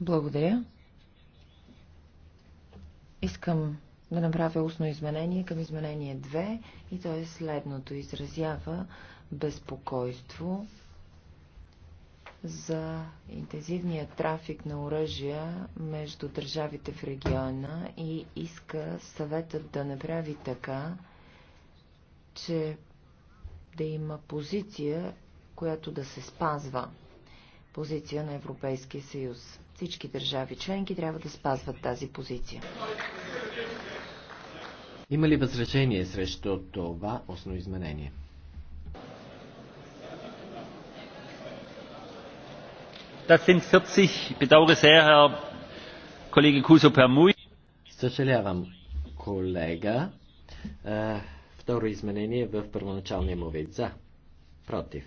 Благодаря. Искам да направя устно изменение към изменение 2 и то е следното. Изразява безпокойство за интензивния трафик на оръжия между държавите в региона и иска съветът да направи така, че да има позиция, която да се спазва. Позиция на Европейския съюз. Всички държави членки трябва да спазват тази позиция. Има ли възражение срещу това основно изменение? Das sind bedauere sehr, Herr Kollege Kuso Съжалявам, колега. Е, второ изменение в първоначалния му вид. За. Против.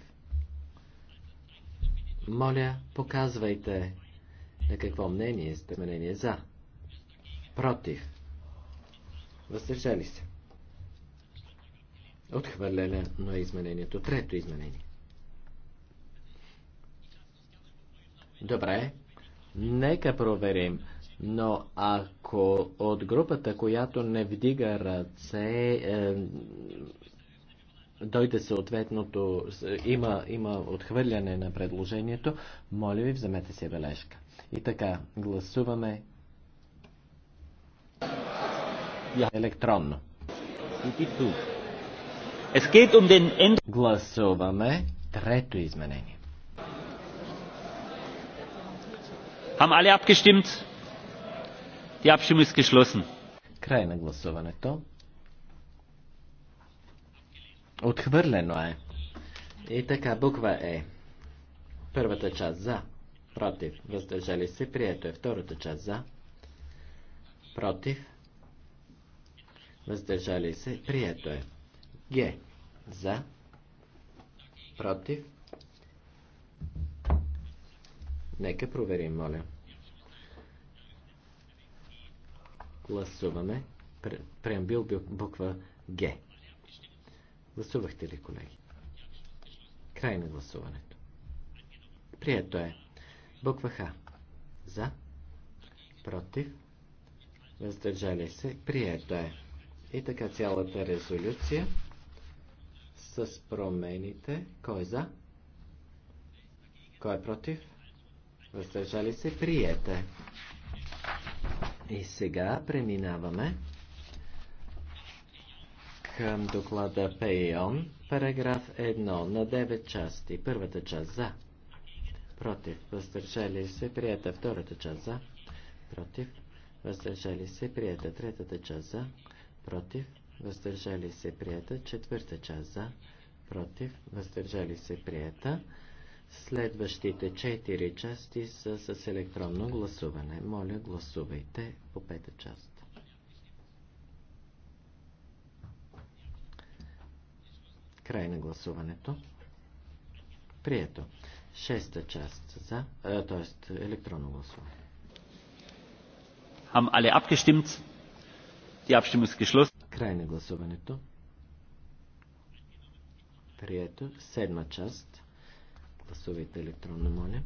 Моля, показвайте на какво мнение сте мнение за. Против. Въздържали се. Отхвърляне на изменението. Трето изменение. Добре, нека проверим. Но ако от групата, която не вдига ръце, е, дойде съответното, има, има отхвърляне на предложението, моля ви, вземете си бележка. И така, гласуваме електронно. Um гласуваме трето изменение. Haben alle abgestimmt? Die Abstimmung ist geschlossen. Край на гласуването. Отхвърлено е. И така, буква Е. Първата част за. Против. Въздържали се. Прието е. Втората част за. Против. Въздържали се. Прието е. Г. За. Против. Нека проверим, моля. Гласуваме пре, преамбил буква Г. Гласувахте ли, колеги? Край на гласуването. Прието е. Буква Х. За. Против. Въздържали се. Прието е. И така цялата резолюция с промените. Кой е за? Кой е против? въздържали се, приете. И сега преминаваме към доклада Пейон, параграф 1 на 9 части. Първата част за. Против. Въздържали се. Прията. Втората част за. Против. Въздържали се. Прията. Третата част за. Против. Въздържали се. Прията. Четвърта част за. Против. Въздържали се. Прията. Следващите четири части са с електронно гласуване. Моля, гласувайте по пета част. Край на гласуването. Прието. Шеста част за, т.е. електронно гласуване. Хам але abgestimmt? Die Abstimmung ist Край на гласуването. Прието. Седма част. Гласувайте електронно, моля.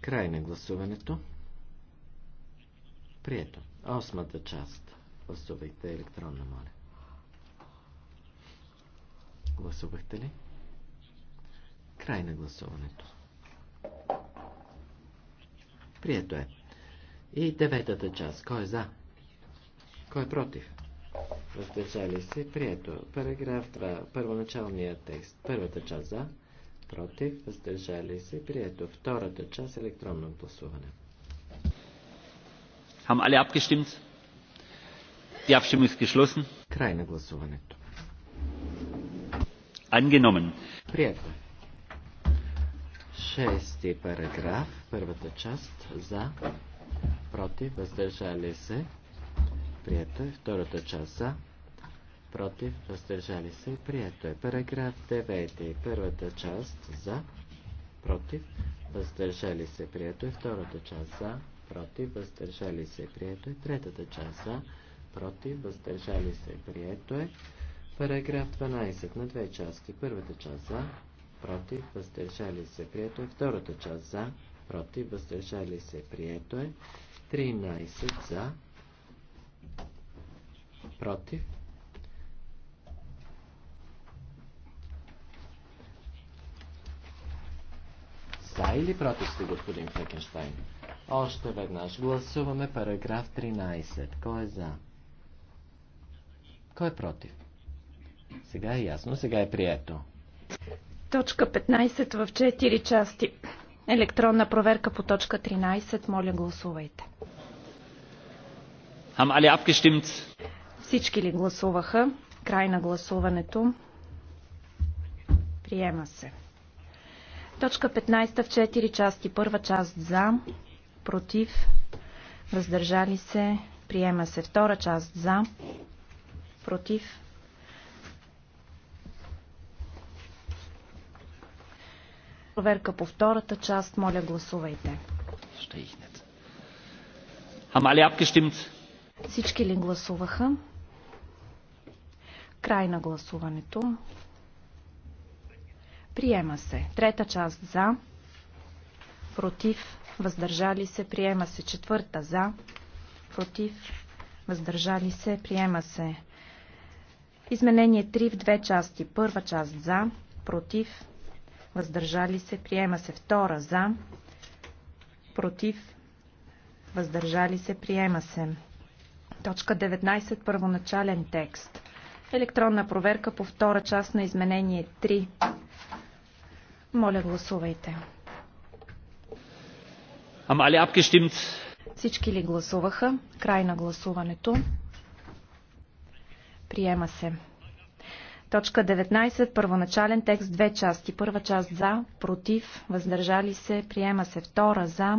Край на гласуването. Прието. Осмата част. Гласувайте електронно, моля. Гласувахте ли? Край на гласуването. Прието е. И деветата част. Кой е за? Кой е против? въздържали се, прието. Параграф 2, първоначалният текст, първата част за, против, въздържали се, прието. Втората част, електронно гласуване. Хам али abgestimmt? Die Abstimmung ist geschlossen. Край на гласуването. Angenommen. Прието. Шести параграф, първата част, за, против, въздържали се, Прието е. Втората част за. Против. Въздържали се. Прието е. Параграф 9. и е. Първата част за. Против. Въздържали се. Прието е. Втората част за. Против. Въздържали се. Прието е. Третата част за. Против. Въздържали се. Прието е. Параграф 12 на две части. Първата част за, против, въздържали се, прието е. Втората част за, против, въздържали се, прието е. 13 за, против. За или против сте, господин Фекенштайн? Още веднъж гласуваме параграф 13. Кой е за? Кой е против? Сега е ясно, сега е прието. Точка 15 в 4 части. Електронна проверка по точка 13. Моля, гласувайте. Всички ли гласуваха? Край на гласуването. Приема се. Точка 15 в 4 части. Първа част за, против, въздържали се, приема се. Втора част за, против. Проверка по втората част. Моля, гласувайте. Ще Всички ли гласуваха? Край на гласуването. Приема се. Трета част за. Против. Въздържали се. Приема се. Четвърта за. Против. Въздържали се. Приема се. Изменение 3 в две части. Първа част за. Против. Въздържали се. Приема се. Втора за. Против. Въздържали се. Приема се. Точка 19. Първоначален текст. Електронна проверка по втора част на изменение 3. Моля, гласувайте. Всички ли гласуваха? Край на гласуването. Приема се. Точка 19. Първоначален текст. Две части. Първа част за, против, въздържали се, приема се. Втора за,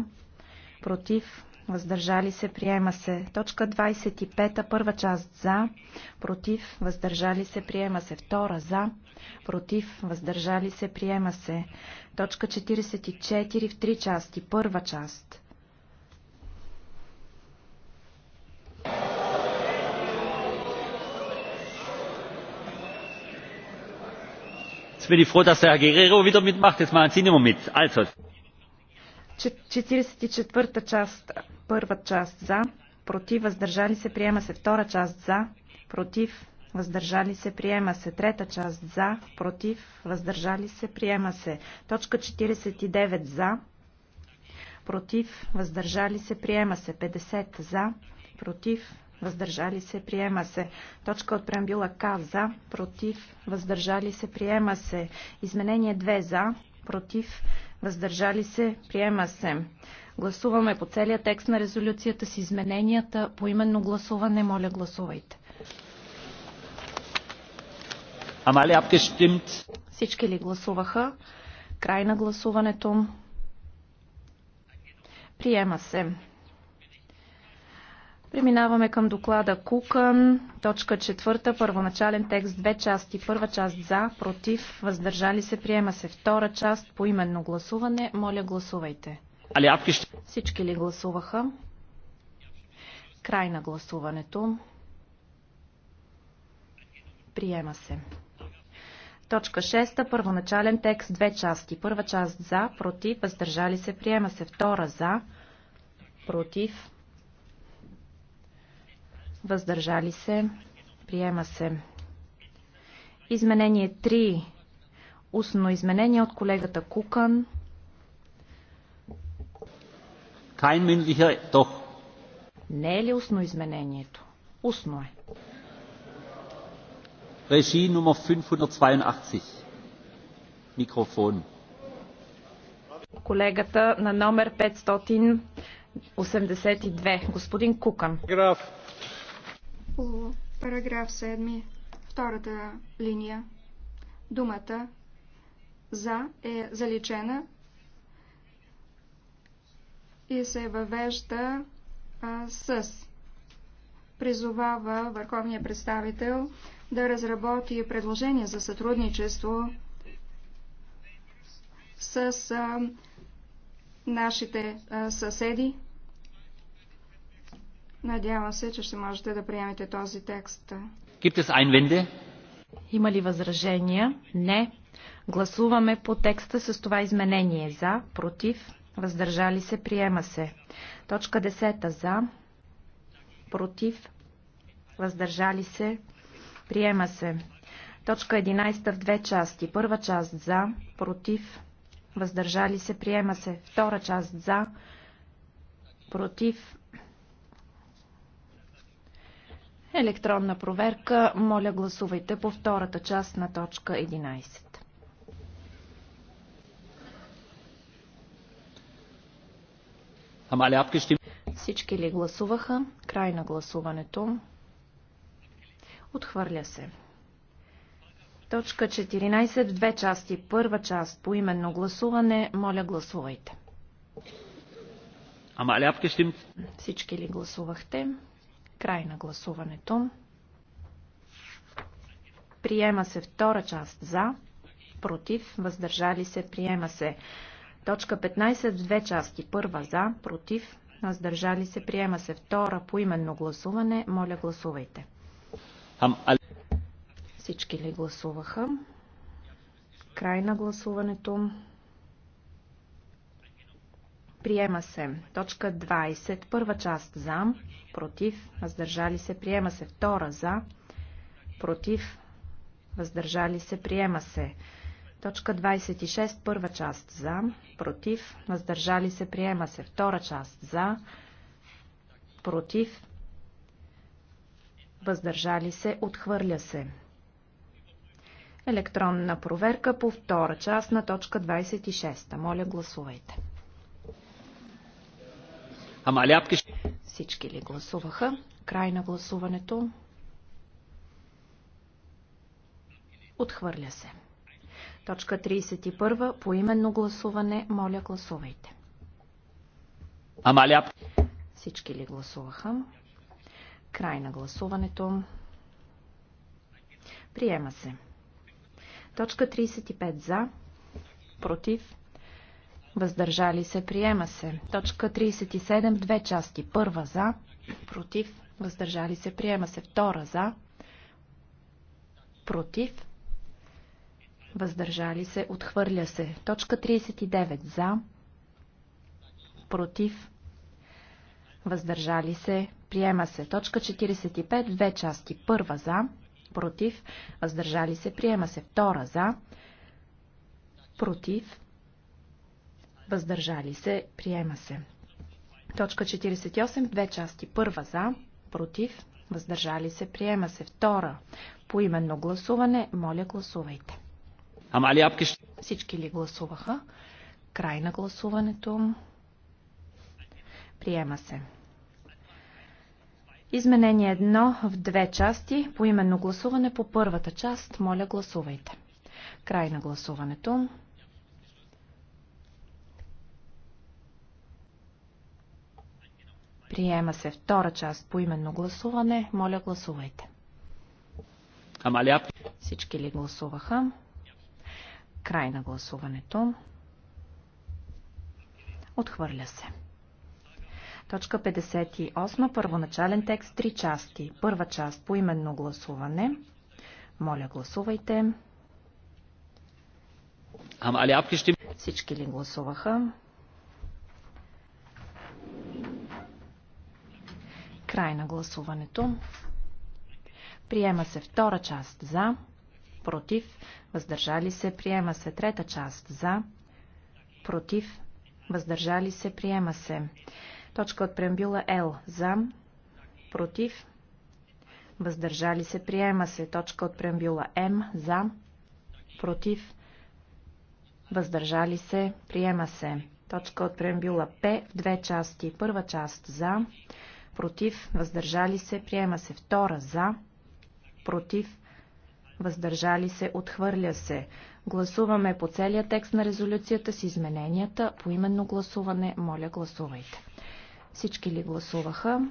против, въздържали се, приема се. Точка 25, първа част за, против, въздържали се, приема се. Втора за, против, въздържали се, приема се. Точка 44 в три части, първа част. Ich bin froh, dass der Herr Guerrero wieder mitmacht. Jetzt machen Sie nicht mehr mit. Also. 44-та част, първа част за, против, въздържали се, приема се втора част за, против, въздържали се, приема се трета част за, против, въздържали се, приема се. Точка 49 за, против, въздържали се, приема се. 50 за, против, въздържали се, приема се. Точка от преамбюла К за, против, въздържали се, приема се. Изменение 2 за, против, въздържали се, приема се. Гласуваме по целия текст на резолюцията с измененията. По именно гласуване, моля гласувайте. Амали абгестимт. Всички ли гласуваха? Край на гласуването. Приема се. Преминаваме към доклада Кукън, точка четвърта, първоначален текст, две части. Първа част за, против, въздържали се, приема се. Втора част по именно гласуване. Моля, гласувайте. Всички ли гласуваха? Край на гласуването. Приема се. Точка 6. Първоначален текст. Две части. Първа част за, против, въздържали се, приема се. Втора за, против, въздържали се, приема се. Изменение 3. Устно изменение от колегата Кукан. Kein mündlicher, doch. Не е ли устно изменението? Устно е. Regie номер 582. Микрофон. Колегата на номер 582, господин Кукан. Граф. По параграф 7, втората линия, думата за е заличена и се въвежда а, с. Призовава върховния представител да разработи предложение за сътрудничество с а, нашите а, съседи Надявам се, че ще можете да приемете този текст. Има ли възражения? Не. Гласуваме по текста с това изменение. За, против, въздържали се, приема се. Точка 10. За, против, въздържали се, приема се. Точка 11 в две части. Първа част за, против, въздържали се, приема се. Втора част за, против, Електронна проверка. Моля гласувайте по втората част на точка 11. Всички ли гласуваха? Край на гласуването. Отхвърля се. Точка 14 в две части. Първа част по именно гласуване. Моля гласувайте. Всички ли гласувахте? Край на гласуването. Приема се втора част за, против, въздържали се, приема се. Точка 15 в две части. Първа за, против, въздържали се, приема се. Втора по именно гласуване. Моля, гласувайте. Всички ли гласуваха? Край на гласуването. Приема се. Точка 20. Първа част за. Против. Въздържали се. Приема се. Втора за. Против. Въздържали се. Приема се. Точка 26. Първа част за. Против. Въздържали се. Приема се. Втора част за. Против. Въздържали се. Отхвърля се. Електронна проверка по втора част на точка 26. Моля гласувайте. Всички ли гласуваха? Край на гласуването. Отхвърля се. Точка 31. По именно гласуване. Моля, гласувайте. Амалия. Всички ли гласуваха? Край на гласуването. Приема се. Точка 35 за. Против въздържали се, приема се. Точка 37, две части. Първа за, против, въздържали се, приема се. Втора за, против, въздържали се, отхвърля се. Точка 39, за, против, въздържали се, приема се. Точка 45, две части. Първа за, против, въздържали се, приема се. Втора за, против, въздържали се, приема се. Точка 48, две части. Първа за, против, въздържали се, приема се. Втора, по именно гласуване, моля гласувайте. Ама ли апки ще? Всички ли гласуваха? Край на гласуването. Приема се. Изменение едно в две части. По именно гласуване по първата част. Моля гласувайте. Край на гласуването. Приема се втора част по именно гласуване. Моля, гласувайте. Амалия. Всички ли гласуваха? Край на гласуването. Отхвърля се. Точка 58. Първоначален текст. Три части. Първа част по именно гласуване. Моля, гласувайте. Всички ли гласуваха? Край на гласуването. Приема се втора част за, против, въздържали се, приема се трета част за, против, въздържали се, приема се. Точка от преамбюла Л за, против, въздържали се, приема се. Точка от преамбюла М за, против, въздържали се, приема се. Точка от преамбюла П в две части. Първа част за, против, въздържали се, приема се. Втора за, против, въздържали се, отхвърля се. Гласуваме по целия текст на резолюцията с измененията. По именно гласуване, моля гласувайте. Всички ли гласуваха?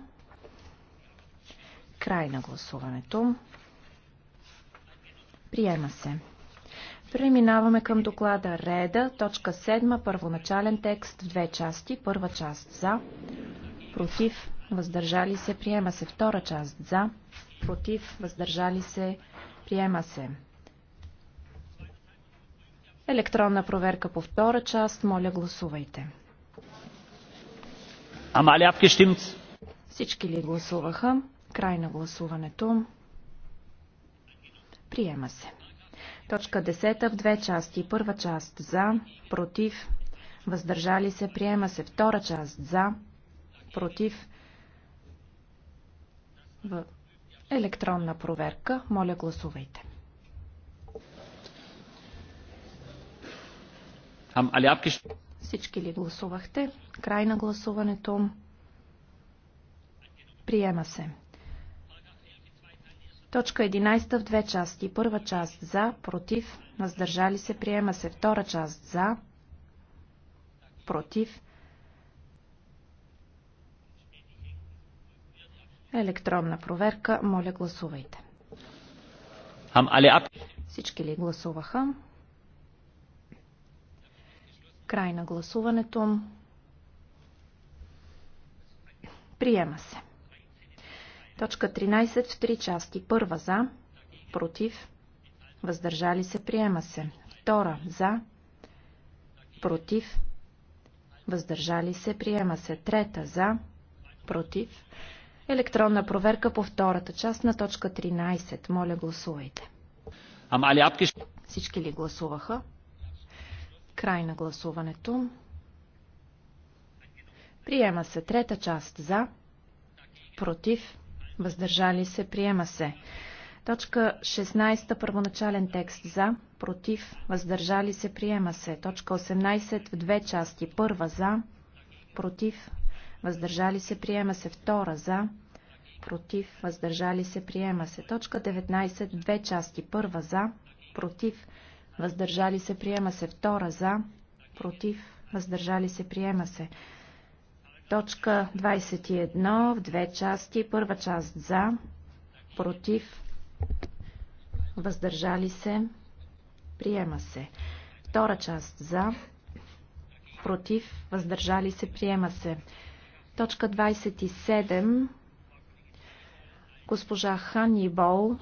Край на гласуването. Приема се. Преминаваме към доклада Реда, точка 7, първоначален текст, две части. Първа част за, против, въздържали се, приема се. Втора част за, против, въздържали се, приема се. Електронна проверка по втора част. Моля, гласувайте. Амали абгестимт? Всички ли гласуваха? Край на гласуването. Приема се. Точка 10 в две части. Първа част за, против, въздържали се, приема се. Втора част за, против, в електронна проверка. Моля, гласувайте. Всички ли гласувахте? Край на гласуването. Приема се. Точка 11 в две части. Първа част за, против, въздържали се, приема се. Втора част за, против, Електронна проверка. Моля, гласувайте. Всички ли гласуваха? Край на гласуването. Приема се. Точка 13 в три части. Първа за, против, въздържали се, приема се. Втора за, против, въздържали се, приема се. Трета за, против, Електронна проверка по втората част на точка 13. Моля, гласувайте. Всички ли гласуваха? Край на гласуването. Приема се трета част за, против, въздържали се, приема се. Точка 16, първоначален текст за, против, въздържали се, приема се. Точка 18 в две части. Първа за, против, въздържали се, приема се. Втора за, против, въздържали се, приема се. Точка 19, две части. Първа за, против, въздържали се, приема се. Втора за, против, въздържали се, приема се. Точка 21 в две части. Първа част за, против, въздържали се, приема се. Втора част за, против, въздържали се, приема се. Точка 27. Госпожа Хани Бол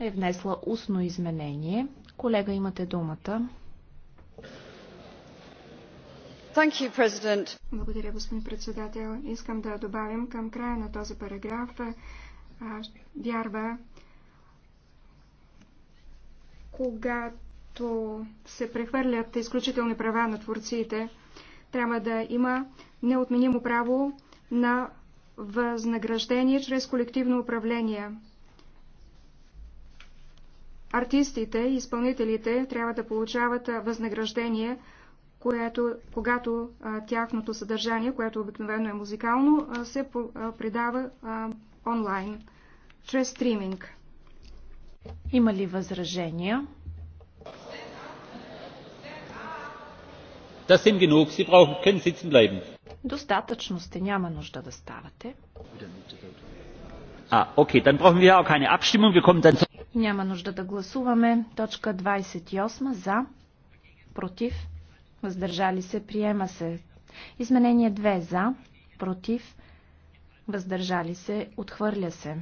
е внесла устно изменение. Колега, имате думата. You, Благодаря, господин председател. Искам да добавим към края на този параграф вярва, когато се прехвърлят изключителни права на творците, трябва да има неотменимо право на възнаграждение чрез колективно управление. Артистите и изпълнителите трябва да получават възнаграждение, което, когато а, тяхното съдържание, което обикновено е музикално, а, се по, а, предава а, онлайн, чрез стриминг. Има ли възражения? Das sind genug. Sie brauchen, können sitzen bleiben. Достатъчно сте, няма нужда да ставате. А, окей, dann brauchen wir auch keine Abstimmung. Wir kommen dann... Няма нужда да гласуваме. Точка 28 за, против, въздържали се, приема се. Изменение 2 за, против, въздържали се, отхвърля се.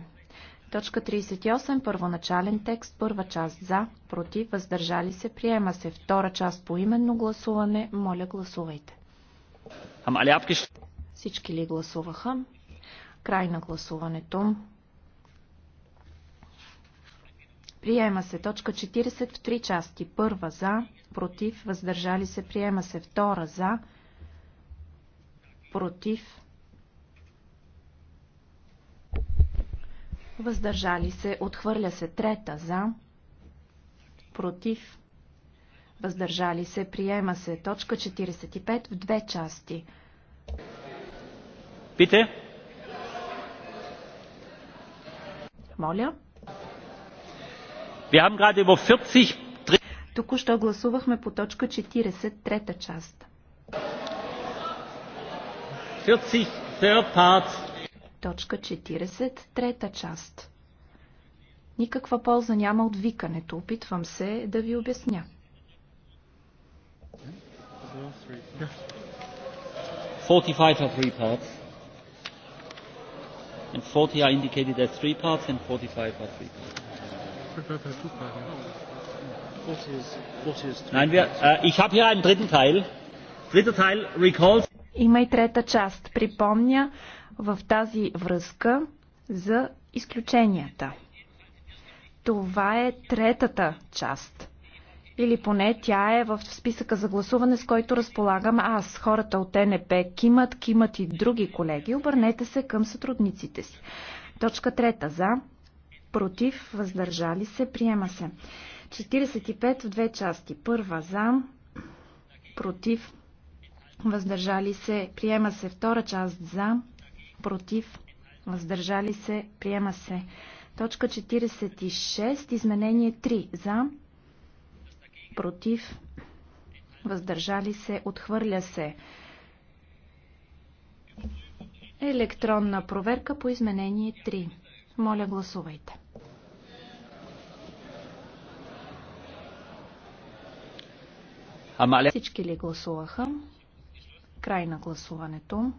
Точка 38. Първоначален текст. Първа част за, против, въздържали се, приема се. Втора част по именно гласуване. Моля, гласувайте. Всички ли гласуваха? Край на гласуването. Приема се точка 40 в три части. Първа за, против, въздържали се. Приема се втора за, против, въздържали се. Отхвърля се трета за, против, въздържали се, приема се. Точка 45 в две части. Пите? Моля? Wir haben gerade über 40... Току-що гласувахме по точка 40, трета част. 40, third part. Точка 40, трета част. Никаква полза няма от викането. Опитвам се да ви обясня. 45 are three parts. And 40 are indicated as three parts and 45 are three parts. Nein, wir, äh, ich habe hier einen dritten Teil. Dritter Teil recalls. Има и трета част. Припомня в тази връзка за изключенията. Това е третата част или поне тя е в списъка за гласуване, с който разполагам аз. Хората от НП кимат, кимат и други колеги. Обърнете се към сътрудниците си. Точка трета за, против, въздържали се, приема се. 45 в две части. Първа за, против, въздържали се, приема се. Втора част за, против, въздържали се, приема се. Точка 46, изменение 3 за, против, въздържали се, отхвърля се. Електронна проверка по изменение 3. Моля, гласувайте. Амале. Всички ли гласуваха? Край на гласуването.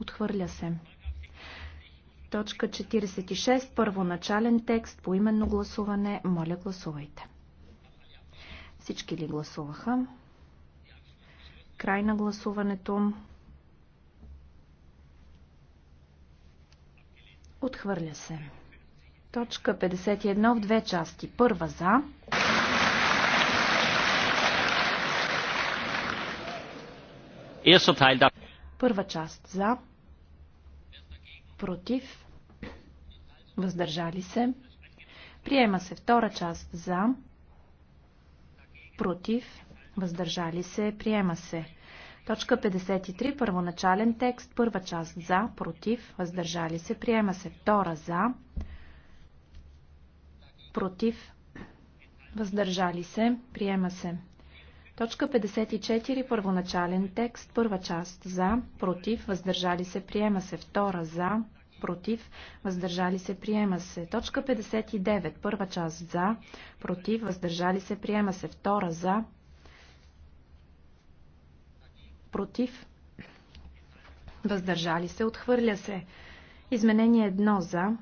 Отхвърля се. Точка 46, първоначален текст, по именно гласуване. Моля, гласувайте. Всички ли гласуваха? Край на гласуването. Отхвърля се. Точка 51 в две части. Първа за. Първа част за против, въздържали се. Приема се втора част за, против, въздържали се, приема се. Точка 53, първоначален текст, първа част за, против, въздържали се, приема се втора за, против, въздържали се, приема се. Точка 54, първоначален текст, първа част за, против, въздържали се, приема се, втора за, против, въздържали се, приема се. Точка 59, първа част за, против, въздържали се, приема се, втора за, против, въздържали се, отхвърля се. Изменение 1 за,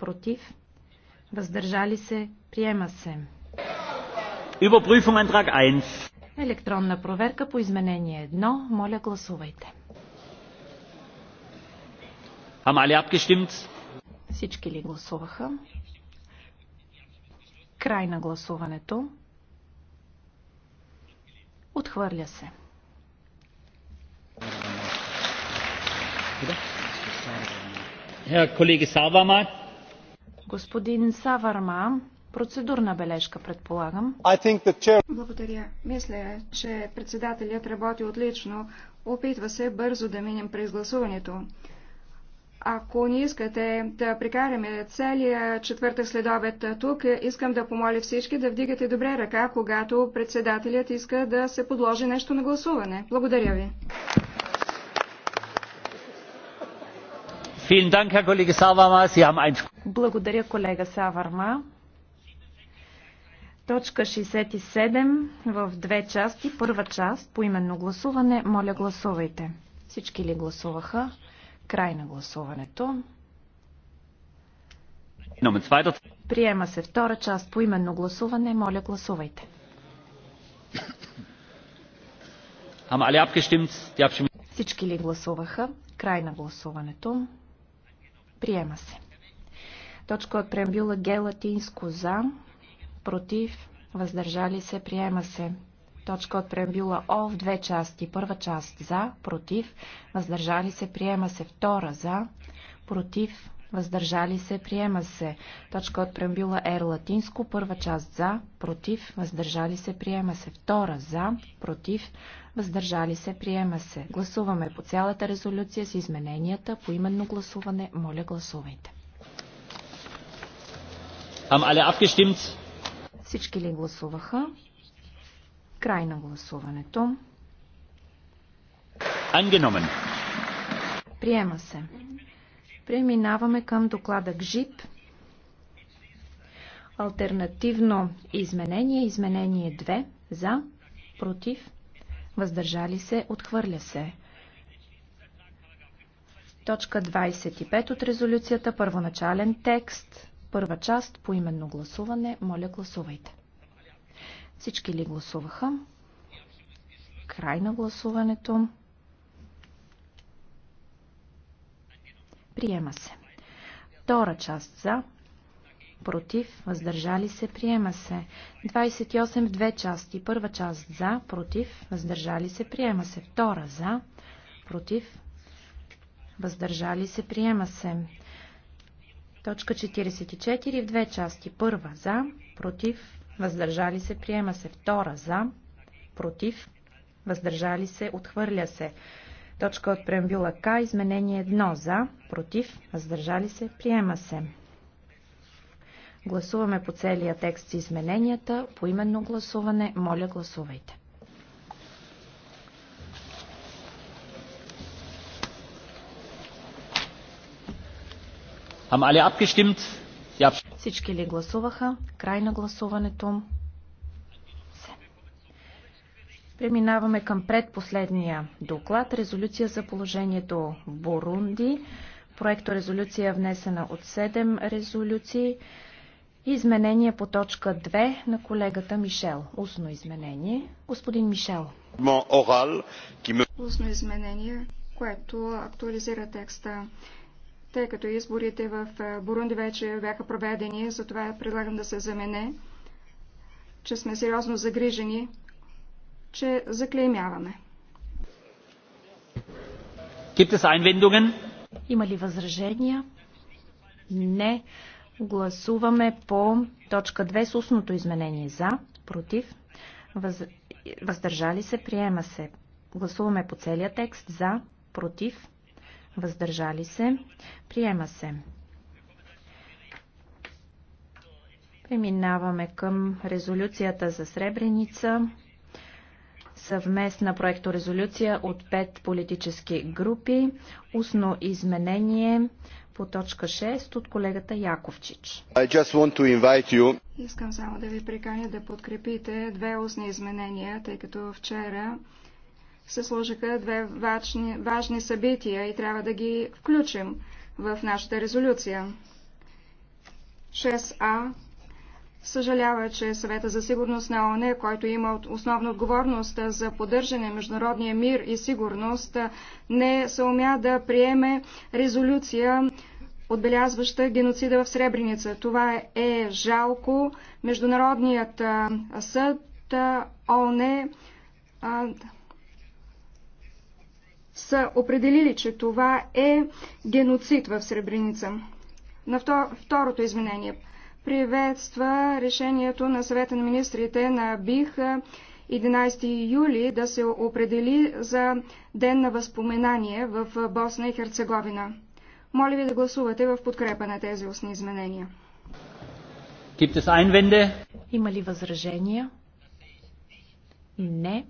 против, въздържали се, приема се. Überprüfung Antrag 1. Електронна проверка по изменение 1. Моля, гласувайте. Всички ли гласуваха? Край на гласуването. Отхвърля се. Господин Саварма. Господин Саварма, Процедурна бележка, предполагам. Благодаря. Мисля, че председателят работи отлично. Опитва се бързо да минем през гласуването. Ако не искате да прикараме целия четвъртък след обед тук, искам да помоля всички да вдигате добре ръка, когато председателят иска да се подложи нещо на гласуване. Благодаря ви. Благодаря, колега Саварма. Точка 67 в две части. Първа част по именно гласуване. Моля гласувайте. Всички ли гласуваха? Край на гласуването. Приема се втора част по именно гласуване. Моля гласувайте. Всички ли гласуваха? Край на гласуването. Приема се. Точка от преамбюла Ге латинско за против, въздържали се, приема се. Точка от преамбюла О в две части. Първа част за, против, въздържали се, приема се. Втора за, против, въздържали се, приема се. Точка от преамбюла Р латинско, първа част за, против, въздържали се, приема се. Втора за, против, въздържали се, приема се. Гласуваме по цялата резолюция с измененията, по именно гласуване, моля гласувайте. Am alle abgestimmt? Всички ли гласуваха? Край на гласуването. Angenommen. Приема се. Преминаваме към доклада ГЖИП. Алтернативно изменение, изменение 2, за, против, въздържали се, отхвърля се. Точка 25 от резолюцията, първоначален текст, Първа част по именно гласуване. Моля, гласувайте. Всички ли гласуваха? Край на гласуването. Приема се. Втора част за. Против. Въздържали се. Приема се. 28 в две части. Първа част за. Против. Въздържали се. Приема се. Втора за. Против. Въздържали се. Приема се. Точка 44 в две части. Първа за, против, въздържали се, приема се. Втора за, против, въздържали се, отхвърля се. Точка от преамбюла К, изменение 1 за, против, въздържали се, приема се. Гласуваме по целия текст с измененията. По именно гласуване, моля гласувайте. Всички ли гласуваха? Край на гласуването. Преминаваме към предпоследния доклад. Резолюция за положението в Бурунди. Проекто резолюция е внесена от 7 резолюции. Изменение по точка 2 на колегата Мишел. Устно изменение. Господин Мишел. Устно изменение, което актуализира текста тъй като изборите в Бурунди вече бяха проведени, затова предлагам да се замене, че сме сериозно загрижени, че заклеймяваме. Има ли възражения? Не. Гласуваме по точка 2 с устното изменение за, против, въз... въздържали се, приема се. Гласуваме по целия текст за, против, въздържали се, приема се. Преминаваме към резолюцията за Сребреница. Съвместна проекторезолюция от пет политически групи. Устно изменение по точка 6 от колегата Яковчич. Искам само да ви приканя да подкрепите две устни изменения, тъй като вчера се сложиха две важни, важни събития и трябва да ги включим в нашата резолюция. 6А съжалява, че съвета за сигурност на ОНЕ, който има основна отговорност за поддържане на международния мир и сигурност, не се умя да приеме резолюция отбелязваща геноцида в Сребреница. Това е жалко. Международният съд ОНЕ са определили, че това е геноцид в Сребреница. На второто изменение приветства решението на съвета на министрите на БИХ 11 юли да се определи за ден на възпоменание в Босна и Херцеговина. Моля ви да гласувате в подкрепа на тези устни изменения. Има ли възражения? Не.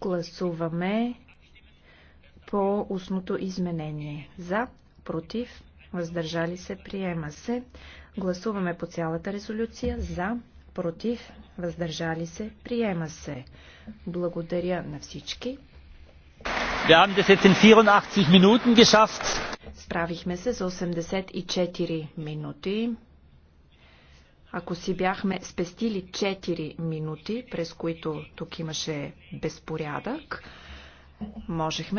Гласуваме по устното изменение. За, против, въздържали се, приема се. Гласуваме по цялата резолюция. За, против, въздържали се, приема се. Благодаря на всички. Справихме се за 84 минути. Ако си бяхме спестили 4 минути, през които тук имаше безпорядък, можехме